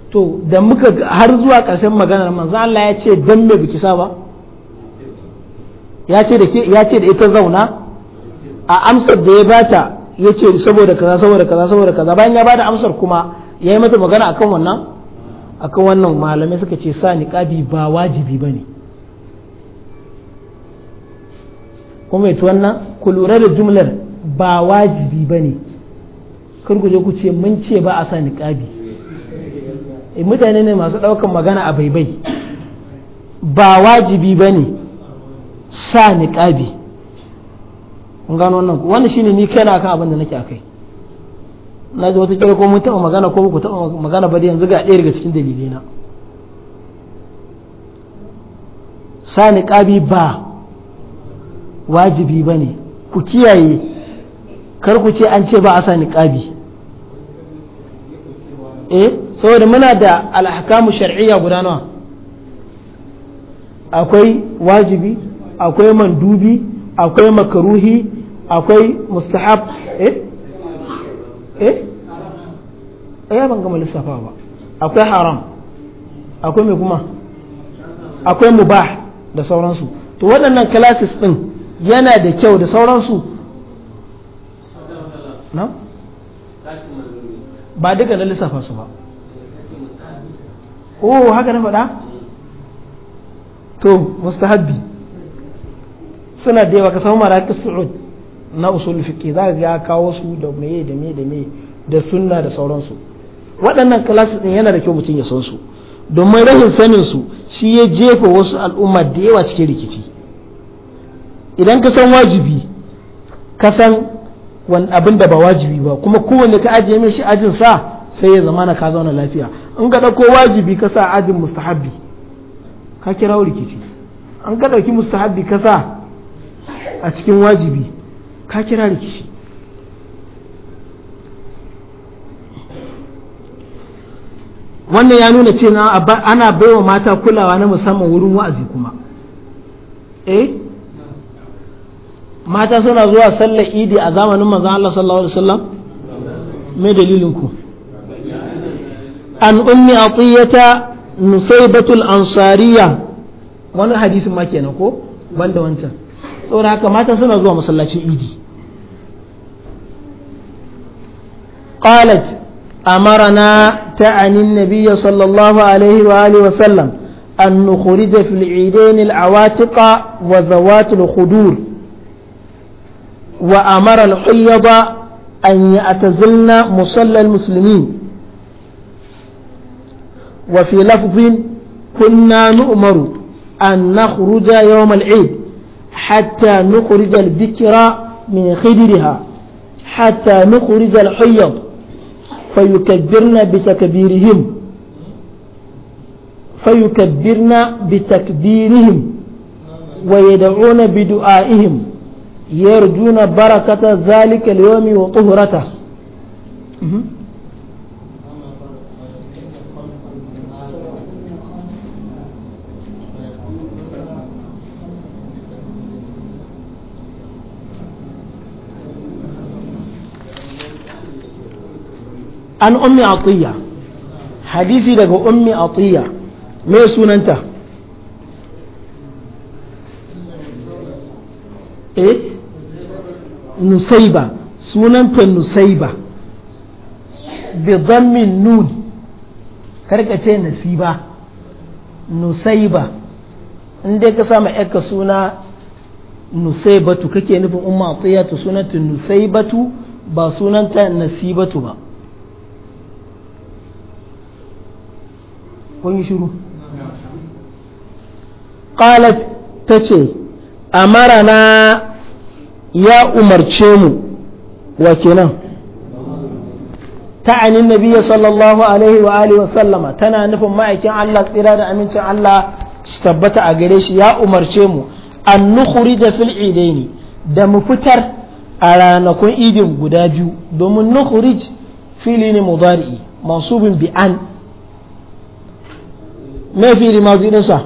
to da muka har zuwa ƙarshen maganar manzo Allah ya ce dan me biki saba ya ce da ya ce da ita zauna a amsar da ya bata ya ce saboda kaza saboda kaza saboda kaza bayan ya bada amsar kuma ya yi mata magana akan wannan akan wannan malamai suka ce sa niqabi ba wajibi bane kuma ita wannan ku lura da jumlar ba wajibi ba ne je ku ce mun ce ba a sa niƙabi eh, mutane ne masu ɗaukan magana a baibai ba wajibi ba ne sa niƙabi kun gano wannan ku wannan shine ni na akan abin da nake akai na ji wata kira ko mun taɓa magana ko ku taɓa magana ba da yanzu ga ɗaya daga cikin dalilina sa niƙabi ba wajibi ba ne ku kiyaye kar ku ce an ce ba a sa niqabi eh saboda muna da alhakamu shar'iyya guda nawa akwai wajibi akwai mandubi akwai makaruhi akwai mustahab eh eh ayyaban eh, gama lissafa ba akwai haram akwai mai kuma akwai mubah da sauransu to waɗannan classes ɗin yana da kyau da sauransu na? ba duka na lissafa su ba oh haka na faɗa? to mustahabbi suna da yawa ka samu maraƙi su'ud na usul za ka ga kawo su da meye da meye da meye da sunna da sauransu waɗannan kalasu ɗin yana da kyau mutum ya san su domin rashin sanin su shi ya jefa wasu al'umma da yawa cikin rikici idan ka san wajibi ka san wani abin da ba wajibi ba kuma kowanne ka ajiye mai shi ajin sa sai ya zama na ka zauna lafiya in ka ɗauko wajibi ka sa ajin mustahabbi ka kira rikici an ka ɗauki mustahabbi ka sa a cikin wajibi ka kira rikici wannan ya nuna na ana baiwa mata kulawa na musamman wurin wa'azi kuma eh mata suna zuwa sallar idi a zamanin manzon Allah sallallahu alaihi wasallam me dalilin ku an ummi atiyata nusaybatul ansariya wani hadisin ma kenan ko banda wancan saboda haka mata suna zuwa masallacin idi قالت أمرنا تعني النبي صلى الله عليه وآله وسلم أن نخرج في العيدين العواتق وذوات الخدور وأمر الحيض أن يعتزلن مصلى المسلمين وفي لفظ كنا نؤمر أن نخرج يوم العيد حتى نخرج البكر من خدرها حتى نخرج الحيض فيكبرن بتكبيرهم فيكبرن بتكبيرهم ويدعون بدعائهم يرجون بركة ذلك اليوم وطهرته أن أمي عطية حديثي لك أمي عطية ما يسون أنت إيه nusaiba sunanta nusaiba bi dhammin nun karka ce nasiba nusaiba in dai ka sama yaka suna nusaibatu kake nufin umma atiyatu sunanta nusaibatu ba sunanta nasibatu ba kun yi shiru qalat tace amarana ya umarce mu wa kenan ta anin nabiya sallallahu alaihi wa alihi wa sallama tana nufin ma'aikin Allah tsira da amincin Allah su tabbata a gare shi ya umarce mu an nukhrija fil idaini da mu fitar a ranakun idin guda biyu domin nukhrij fili ne mudari'i mansubin bi an me fili mazidinsa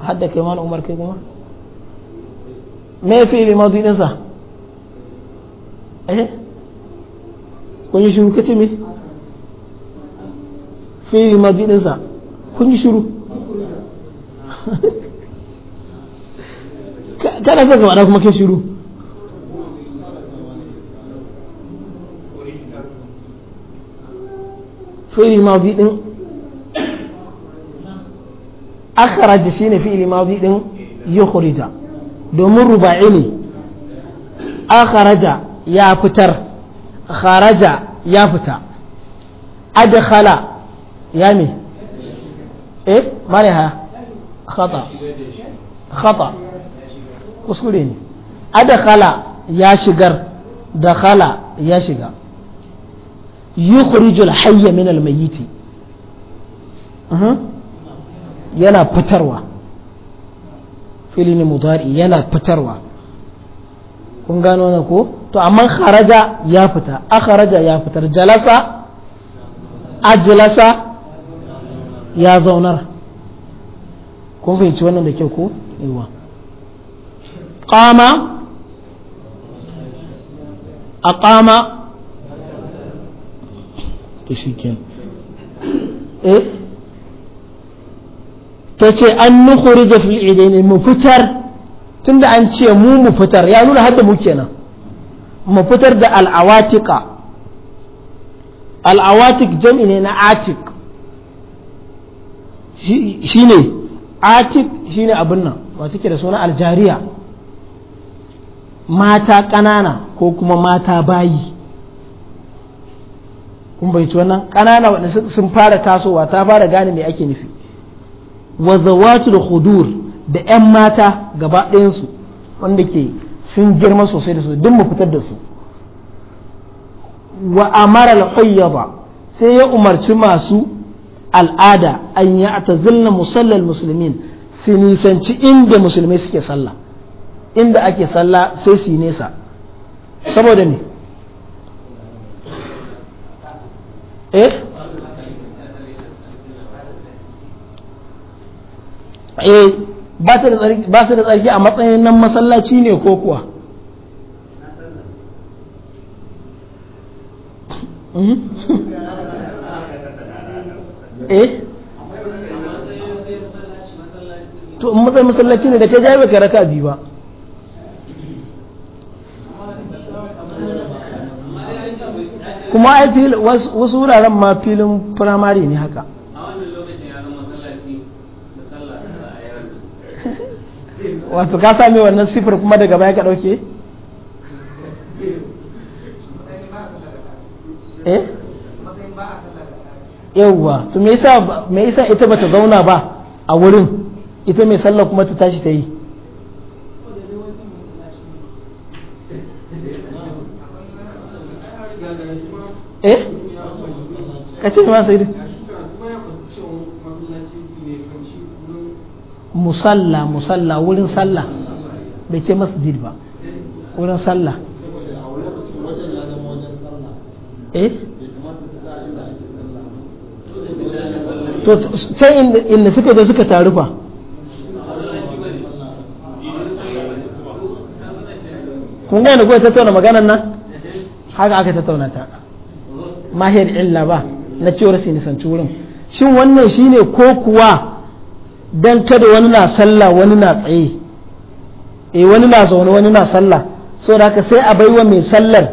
hadda kai mana umar kai kuma me fi'ili madi dinsa eh kun yi shiru kace me fi'ili madi kun yi shiru kana so ka faɗa kuma kai shiru fi'ili madi din akhraj shine fi'ili madi din yukhrija domin ruba'i ne akharaja ya fitar kharaja ya fita adkhala ya me eh mariha khata khata kuskure ne adkhala ya shigar dakhala ya shiga yukhrijul hayya min al-mayyiti mhm. yana fitarwa filin ne mudari yana fitarwa kun gano na ko to amma kharaja ya fita akharaja ya fitar jalasa ajlasa ya zaunar kun fahimci wannan da kyau ko yawa qama aqama to shikenan eh ta ce an nukuri da fil'ide ne mu fitar tunda an ce mu mu fitar ya nuna hadda muke nan mu fitar da al'awatika al'awatik jam'i ne na atik shi ne atik shi ne abin nan wata ke da suna aljariya mata ƙanana ko kuma mata bayi kun bai ci wannan ƙanana wanda sun fara tasowa ta fara gane me ake nufi wa zawatul hudur da yan mata gaba ɗayansu wanda ke sun girma sosai da su duk mu fitar da su wa amara al sai ya umarci masu al'ada an ya atazilna musallal muslimin su nisanci inda musulmai suke sallah inda ake sallah sai su nesa saboda ne eh Eh, ba su da tsarki a matsayin nan masallaci ne ko kuwa hmm? eh to matsayin masallaci ne da ke jami ka raka biyu ba kuma ai wasu wuraren ma filin firamare ne haka wato ka sami wannan sifir kuma daga baya ka ɗauke eh yawwa to me yasa ita ba ita bata zauna ba a wurin ita mai sallah kuma ta tashi ta yi eh? ka ce ma sai musalla musalla wurin sallah bai ce masjid ba wurin sallah eh to sai inda suka da suka tarufa kun gane ta tattauna maganar nan haka aka tattauna ta mahir illa ba na cewar sinisan turin shin wannan shine ko kuwa don kada wani na sallah wani na tsaye eh wani na zaune wani na sallah saboda haka sai a baiwa mai sallar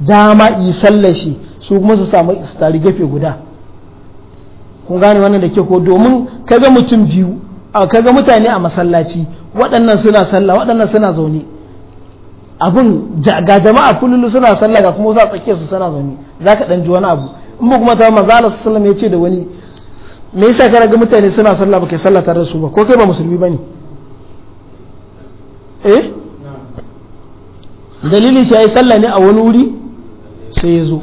dama yi sallar shi su kuma su samu su tari gefe guda kun gane wannan da ke ko domin kaga mutum biyu a kaga mutane a masallaci waɗannan suna sallah waɗannan suna zaune abin ga jama'a kullum suna sallah ga kuma wasu a tsakiyar su suna zaune za ka ɗan ji wani abu in ba kuma ta manzo Allah sallallahu alaihi ya ce da wani me yasa kana ga mutane suna sallah ba kai sallah tare da su ba ko kai ba musulmi bane eh dalilin shi yayi sallah ne a wani wuri sai ya zo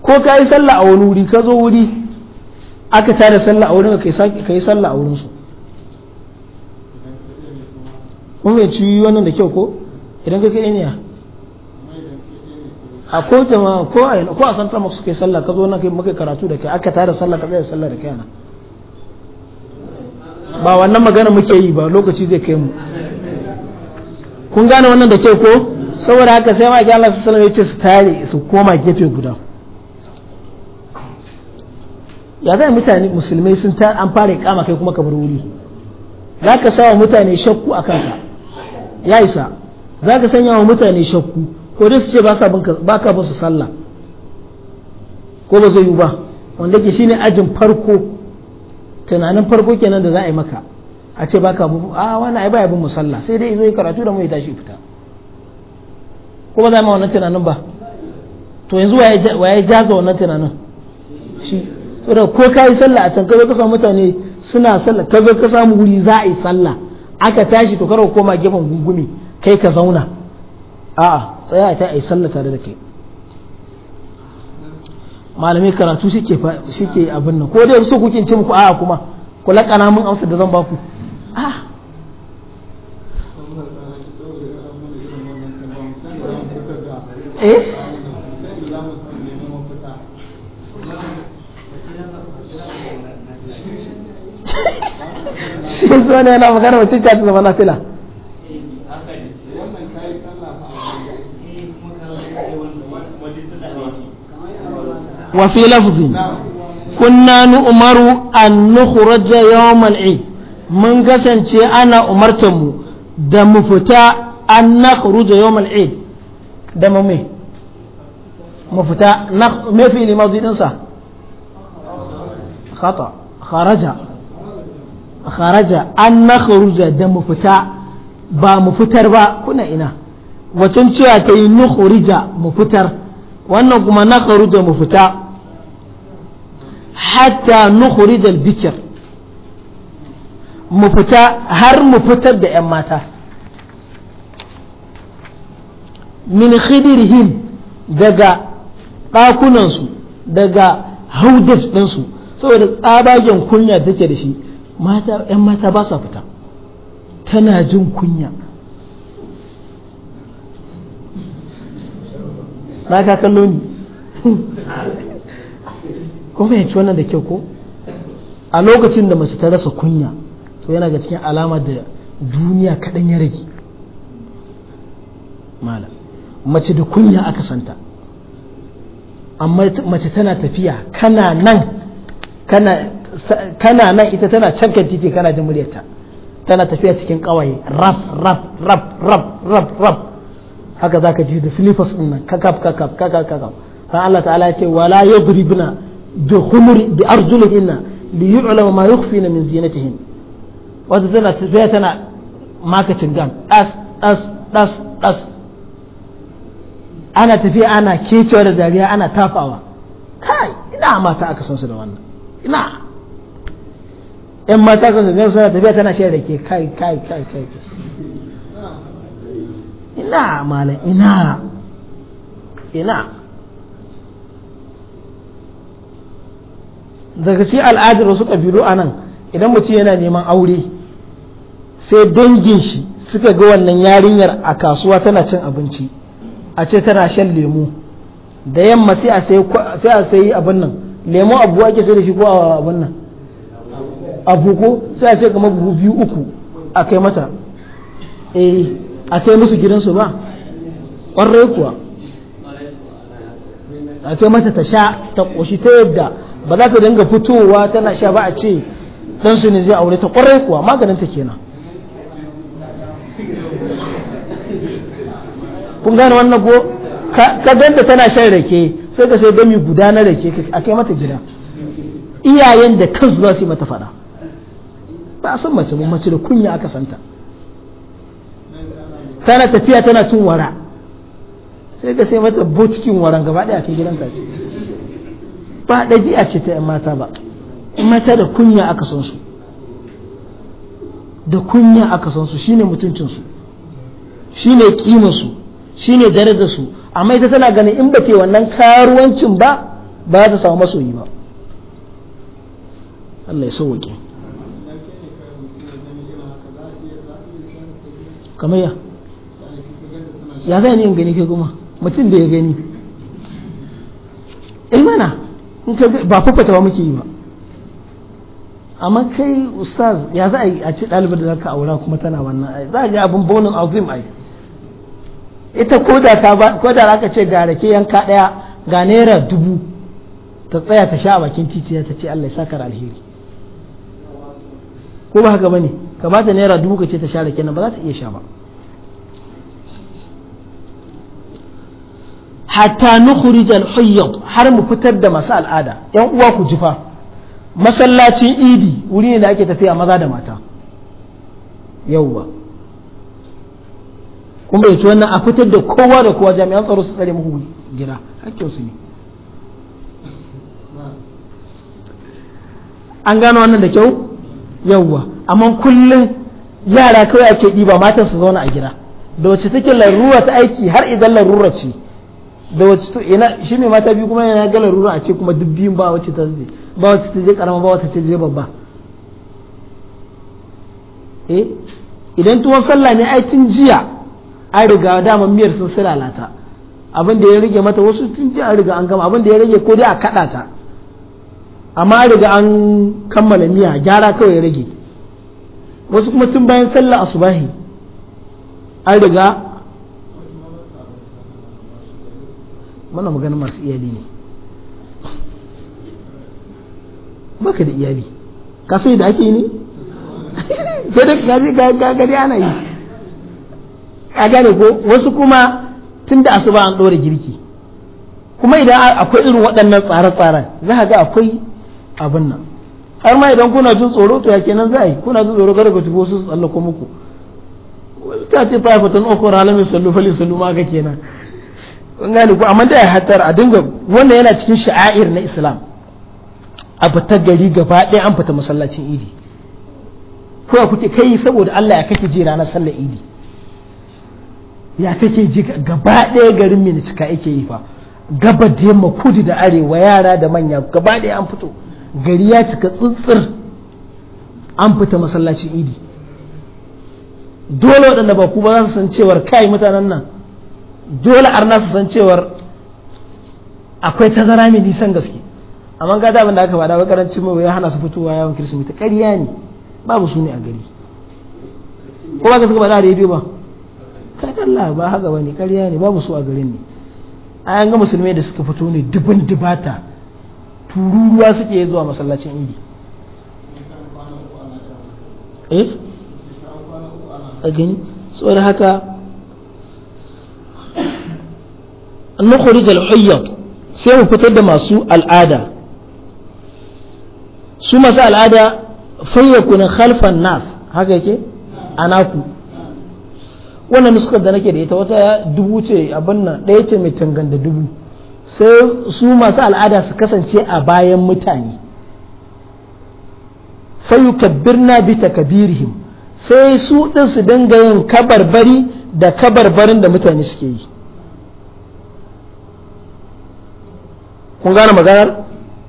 ko ka yi sallah a wani wuri ka zo wuri aka tada sallah a wurin ka yi sallah a su kun mai ci wannan da kyau ko idan ka kai niya a ko jama'a ko a ko a central kai sallah ka zo na kai karatu da kai aka tada sallah ka tsaya sallah da kai na ba wannan magana muke yi ba lokaci zai kai mu kun gane wannan da ke ko saboda haka sai maki Allah sallallahu ya ce su tare su koma gefe guda ya zai mutane musulmai sun ta an fara kama kai kuma kabar wuri za ka sawa mutane shakku a kanka ya isa za ka sanya wa mutane shakku ko dai su ce ba ka ba su sallah ko ba zai yi ba wanda ke shine ajin farko tunanin farko kenan da za a yi maka a ce baka mu a wani ai baya bin musalla sai dai zo yi karatu da mu ya tashi fita ko ba za mu wannan tunanin ba to yanzu waye jaza wannan tunanin shi to da ko kai sallah a can kai ka samu mutane suna sallah ga ka samu wuri za a yi sallah aka tashi to karo koma gefen gungumi kai ka zauna a'a tsaya ta yi sallah tare da kai malamai karatu suke suke abin nan ko dai su kuke ce muku a'a kuma ku lakana mun amsa da zan ba ku a eh? magana ta fila wa fi lafzin kunna nu'maru an nukhraja yawmal mun kasance ana umartar mu da mu an nakhruja yawmal da mu me mu me fi ne an da ba mu fitar ba kuna ina wacin cewa ta yi mu fitar wannan kuma nakhruja mu fita hatta nukuri al-bikr mu fita har mu fitar da yan mata min khidirhim daga ɗakunansu daga haudas ɗinsu saboda tsabagen kunya da take da shi mata yan mata ba sa fita tana jin kunya na ka kallo ni kun fahimci wannan da kyau ko a lokacin da mace ta rasa kunya to yana ga cikin alama da duniya kaɗan ya rage malam mace da kunya aka santa amma mace tana tafiya kana nan kana nan ita tana canka titi kana jin muryarta tana tafiya cikin kawaye rap rap rap rap rap rap haka zaka ji da silifas din nan kakap kakap kakap fa Allah ta'ala ya ce wala yadribna بخمر بأرجلهن ليعلم ما يخفين من زينتهن wata tana tafiya tana makacin gam ɗas ɗas ɗas ɗas ana tafiya ana kecewa da dariya ana tafawa kai ina mata aka san su da ina yan mata aka san suna tafiya tana shayar kai kai kai ina malam ina ina daga ci al'adar wasu ƙabilu a nan idan mutum yana neman aure sai dangin shi suka ga wannan yarinyar a kasuwa tana cin abinci a ce tana shan lemu da yamma sai a sayi abin nan lemu abu ake sai da shi ko a abin nan abu ko sai a sai kama buhu biyu uku a kai mata eh, a kai musu gidansu ba ƙwarai kuwa a mata ta sha ta ƙoshi ta yadda ba za ta dinga fitowa tana sha ba a ce ɗansu ne zai aure ta ƙwarai kuwa maganin ta kenan kun gane wannan ko ka danda tana shan rake sai ka sai gami guda na rake a kai mata gida iyayen da kansu za su yi mata faɗa ba a san mace mace da kunya aka santa tana tafiya tana cin wara sai ka sai mata botikin waran gaba daya kai gidanka ce ba ɗabi'a ce ta 'yan mata ba mata da kunya aka san su da kunya aka san su shine mutuncinsu shine kimarsu shine darajarsu amma ita tana ganin in ba ke wannan karuwancin ba ba ta samu masoyi ba Allah ya sauwaƙe kamar ya ya zai ne gani kai kuma mutum da ya gani imana eh, ba wa ba muke yi ba amma kai ustaz ya za a yi a ci ɗalibar da zaka aura kuma tana wannan ai za a ga abin bonin azim ai ita ko da ta ba ko da aka ce ga rake yanka ɗaya ga naira dubu ta tsaya ta sha a bakin titi ta ce Allah ya saka alheri ko ba haka bane ka ba ta naira dubu ka ce ta sha rake nan ba za ta iya sha ba hatta nukhrijal hayyad har mu fitar da masu al'ada yan uwa ku jifa masallacin idi wuri ne da ake tafiya maza da mata yawwa kuma yace wannan a fitar da kowa da kowa jami'an tsaro su tsare muku gida hakkin su ne an gano wannan da kyau yawwa amma kullum yara kawai ake ɗiba matan su zauna a gida da wacce take larura ta aiki har idan larura ce da wacce to ina shi mai mata biyu kuma yana galar rura a ce kuma duk biyun ba wacce ta zai ba wacce ta je karama ba wacce ta je babba eh idan tuwon sallah ne ai tun jiya an riga dama miyar sun silalata abin da ya rage mata wasu tun jiya an riga an gama abin da ya rage ko dai a kada ta amma riga an kammala miya gyara kawai ya rage wasu kuma tun bayan sallah asubahi an riga mana magana masu iyali ne baka da iyali ka sai da ake ne sai da gaji gagari ana yi a gane ko wasu kuma tun da asuba an ɗora girki kuma idan akwai irin waɗannan tsare-tsaren za ka ga akwai abin nan har ma idan kuna jin tsoro to ya kenan za a yi kuna jin tsoro kada ku tafi wasu tsallako muku ta ce ta fatan okura alamin sallu fali sallu ma ka kenan kun ku amma da ya hatar a dinga wannan yana cikin sha'air na islam a fita gari gaba ɗaya an fita masallacin idi kowa kuke kai saboda allah ya kake ji ranar sallar idi ya kake ji gaba ɗaya garin mai cika yake yi fa gaba da yamma kudu da arewa yara da manya gaba ɗaya an fito gari ya cika tsintsir an fita masallacin idi dole waɗanda ba ku ba za su san cewar kai mutanen nan dole arna su san cewar akwai tazara mai nisan gaske amma ga abin da aka faɗa wa karancin mai hana su fitowa yawon kirsimeti ƙarya ne babu su ne a gari ko ba ka suka faɗa a rediyo ba kada la ba haka ba ne ƙarya ne babu su a garin ne a yanga musulmai da suka fito ne dubin dubata tururuwa suke zuwa masallacin idi eh a gani saboda haka nukhrij al-hayyat sai mu fitar da masu al'ada su masu al'ada fayyakun khalfan nas haka yake anaku wannan nuskar da nake da ita wata dubu ce abin nan ɗaya ce mai tangan da dubu sai su masu al'ada su kasance a bayan mutane fayyukabbirna bi takabirihim sai su ɗin su dinga yin kabarbari da kabarbarin da mutane suke yi kun gane maganar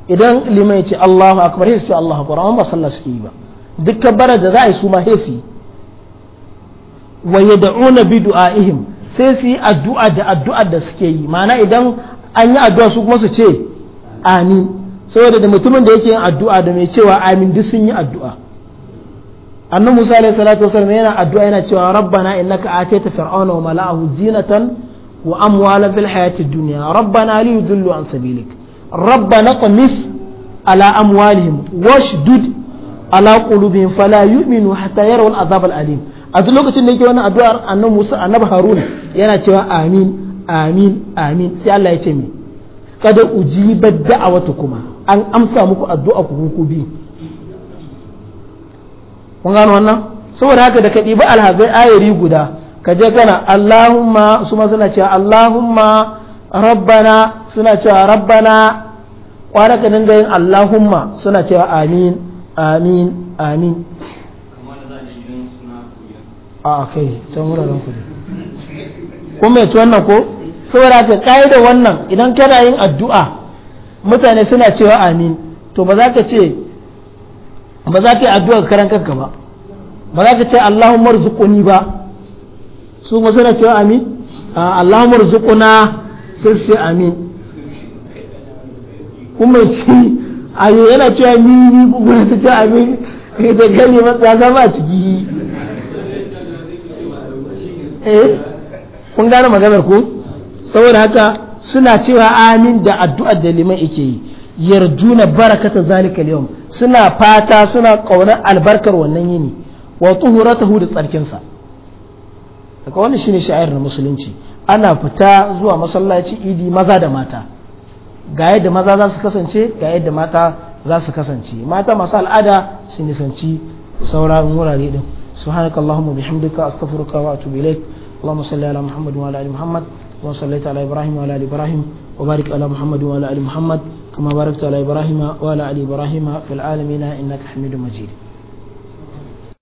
idan liman ya ce Allahu akbar sai Allahu akbar amma ba sallah suke yi ba duk kabarar da za a yi su ma hesi da yad'una bi du'aihim sai su yi addu'a da addu'a da suke yi ma'ana idan an yi addu'a su kuma su ce amin saboda da mutumin da yake yin addu'a da mai cewa amin duk sun yi addu'a annabi Musa alaihi salatu wasallam yana addu'a yana cewa rabbana innaka atayta fir'auna wa mala'ahu zinatan wa amwala fil hayatid dunya rabbana li yudillu an sabilik rabbana qamis ala amwalihim washdud ala qulubihim fala yu'minu hatta yaraw al azab al alim a duk lokacin da yake wannan addu'a annabi Musa annabi Harun yana cewa amin amin amin sai Allah ya ce uji kada ujibat wata kuma an amsa muku addu'a ku ku biyu kun gano wannan saboda haka da ka ɗibi alhazai ayari guda ka je kana allahumma su ma suna cewa allahumma rabbana suna cewa rabbana kwana ka dinga yin allahumma suna cewa amin amin amin a kai can wuraren kudi kun mai wannan ko saboda haka da wannan idan kana yin addu'a mutane suna cewa amin to ba za ka ce ba za ka yi addu'a karan kanka ba ba za ka ce Allahumma rzuquni ba su ma suna cewa amin Allahumma rzuquna sai su ce amin kuma ci ayo yana cewa ni ni kuma ta ce amin eh, da gani ba ta zama a ciki eh kun gane maganar ku? saboda haka suna cewa amin da addu'ar da liman yake yi yarjuna barakata zalika yawm suna fata suna ƙaunar albarkar wannan yini wa tuhuratahu da tsarkinsa daga wannan shine sha'ir na musulunci ana fita zuwa masallaci idi maza da mata ga yadda maza za su kasance ga yadda mata za su kasance mata masu al'ada su nisanci sauran wurare din subhanakallahumma bihamdika astaghfiruka wa atubu ilaik اللهم صل على محمد وعلى ال محمد كما صليت على إبراهيم وعلى آل إبراهيم وبارك على محمد وعلى آل محمد كما باركت على إبراهيم وعلى آل إبراهيم في العالمين إنك حميد مجيد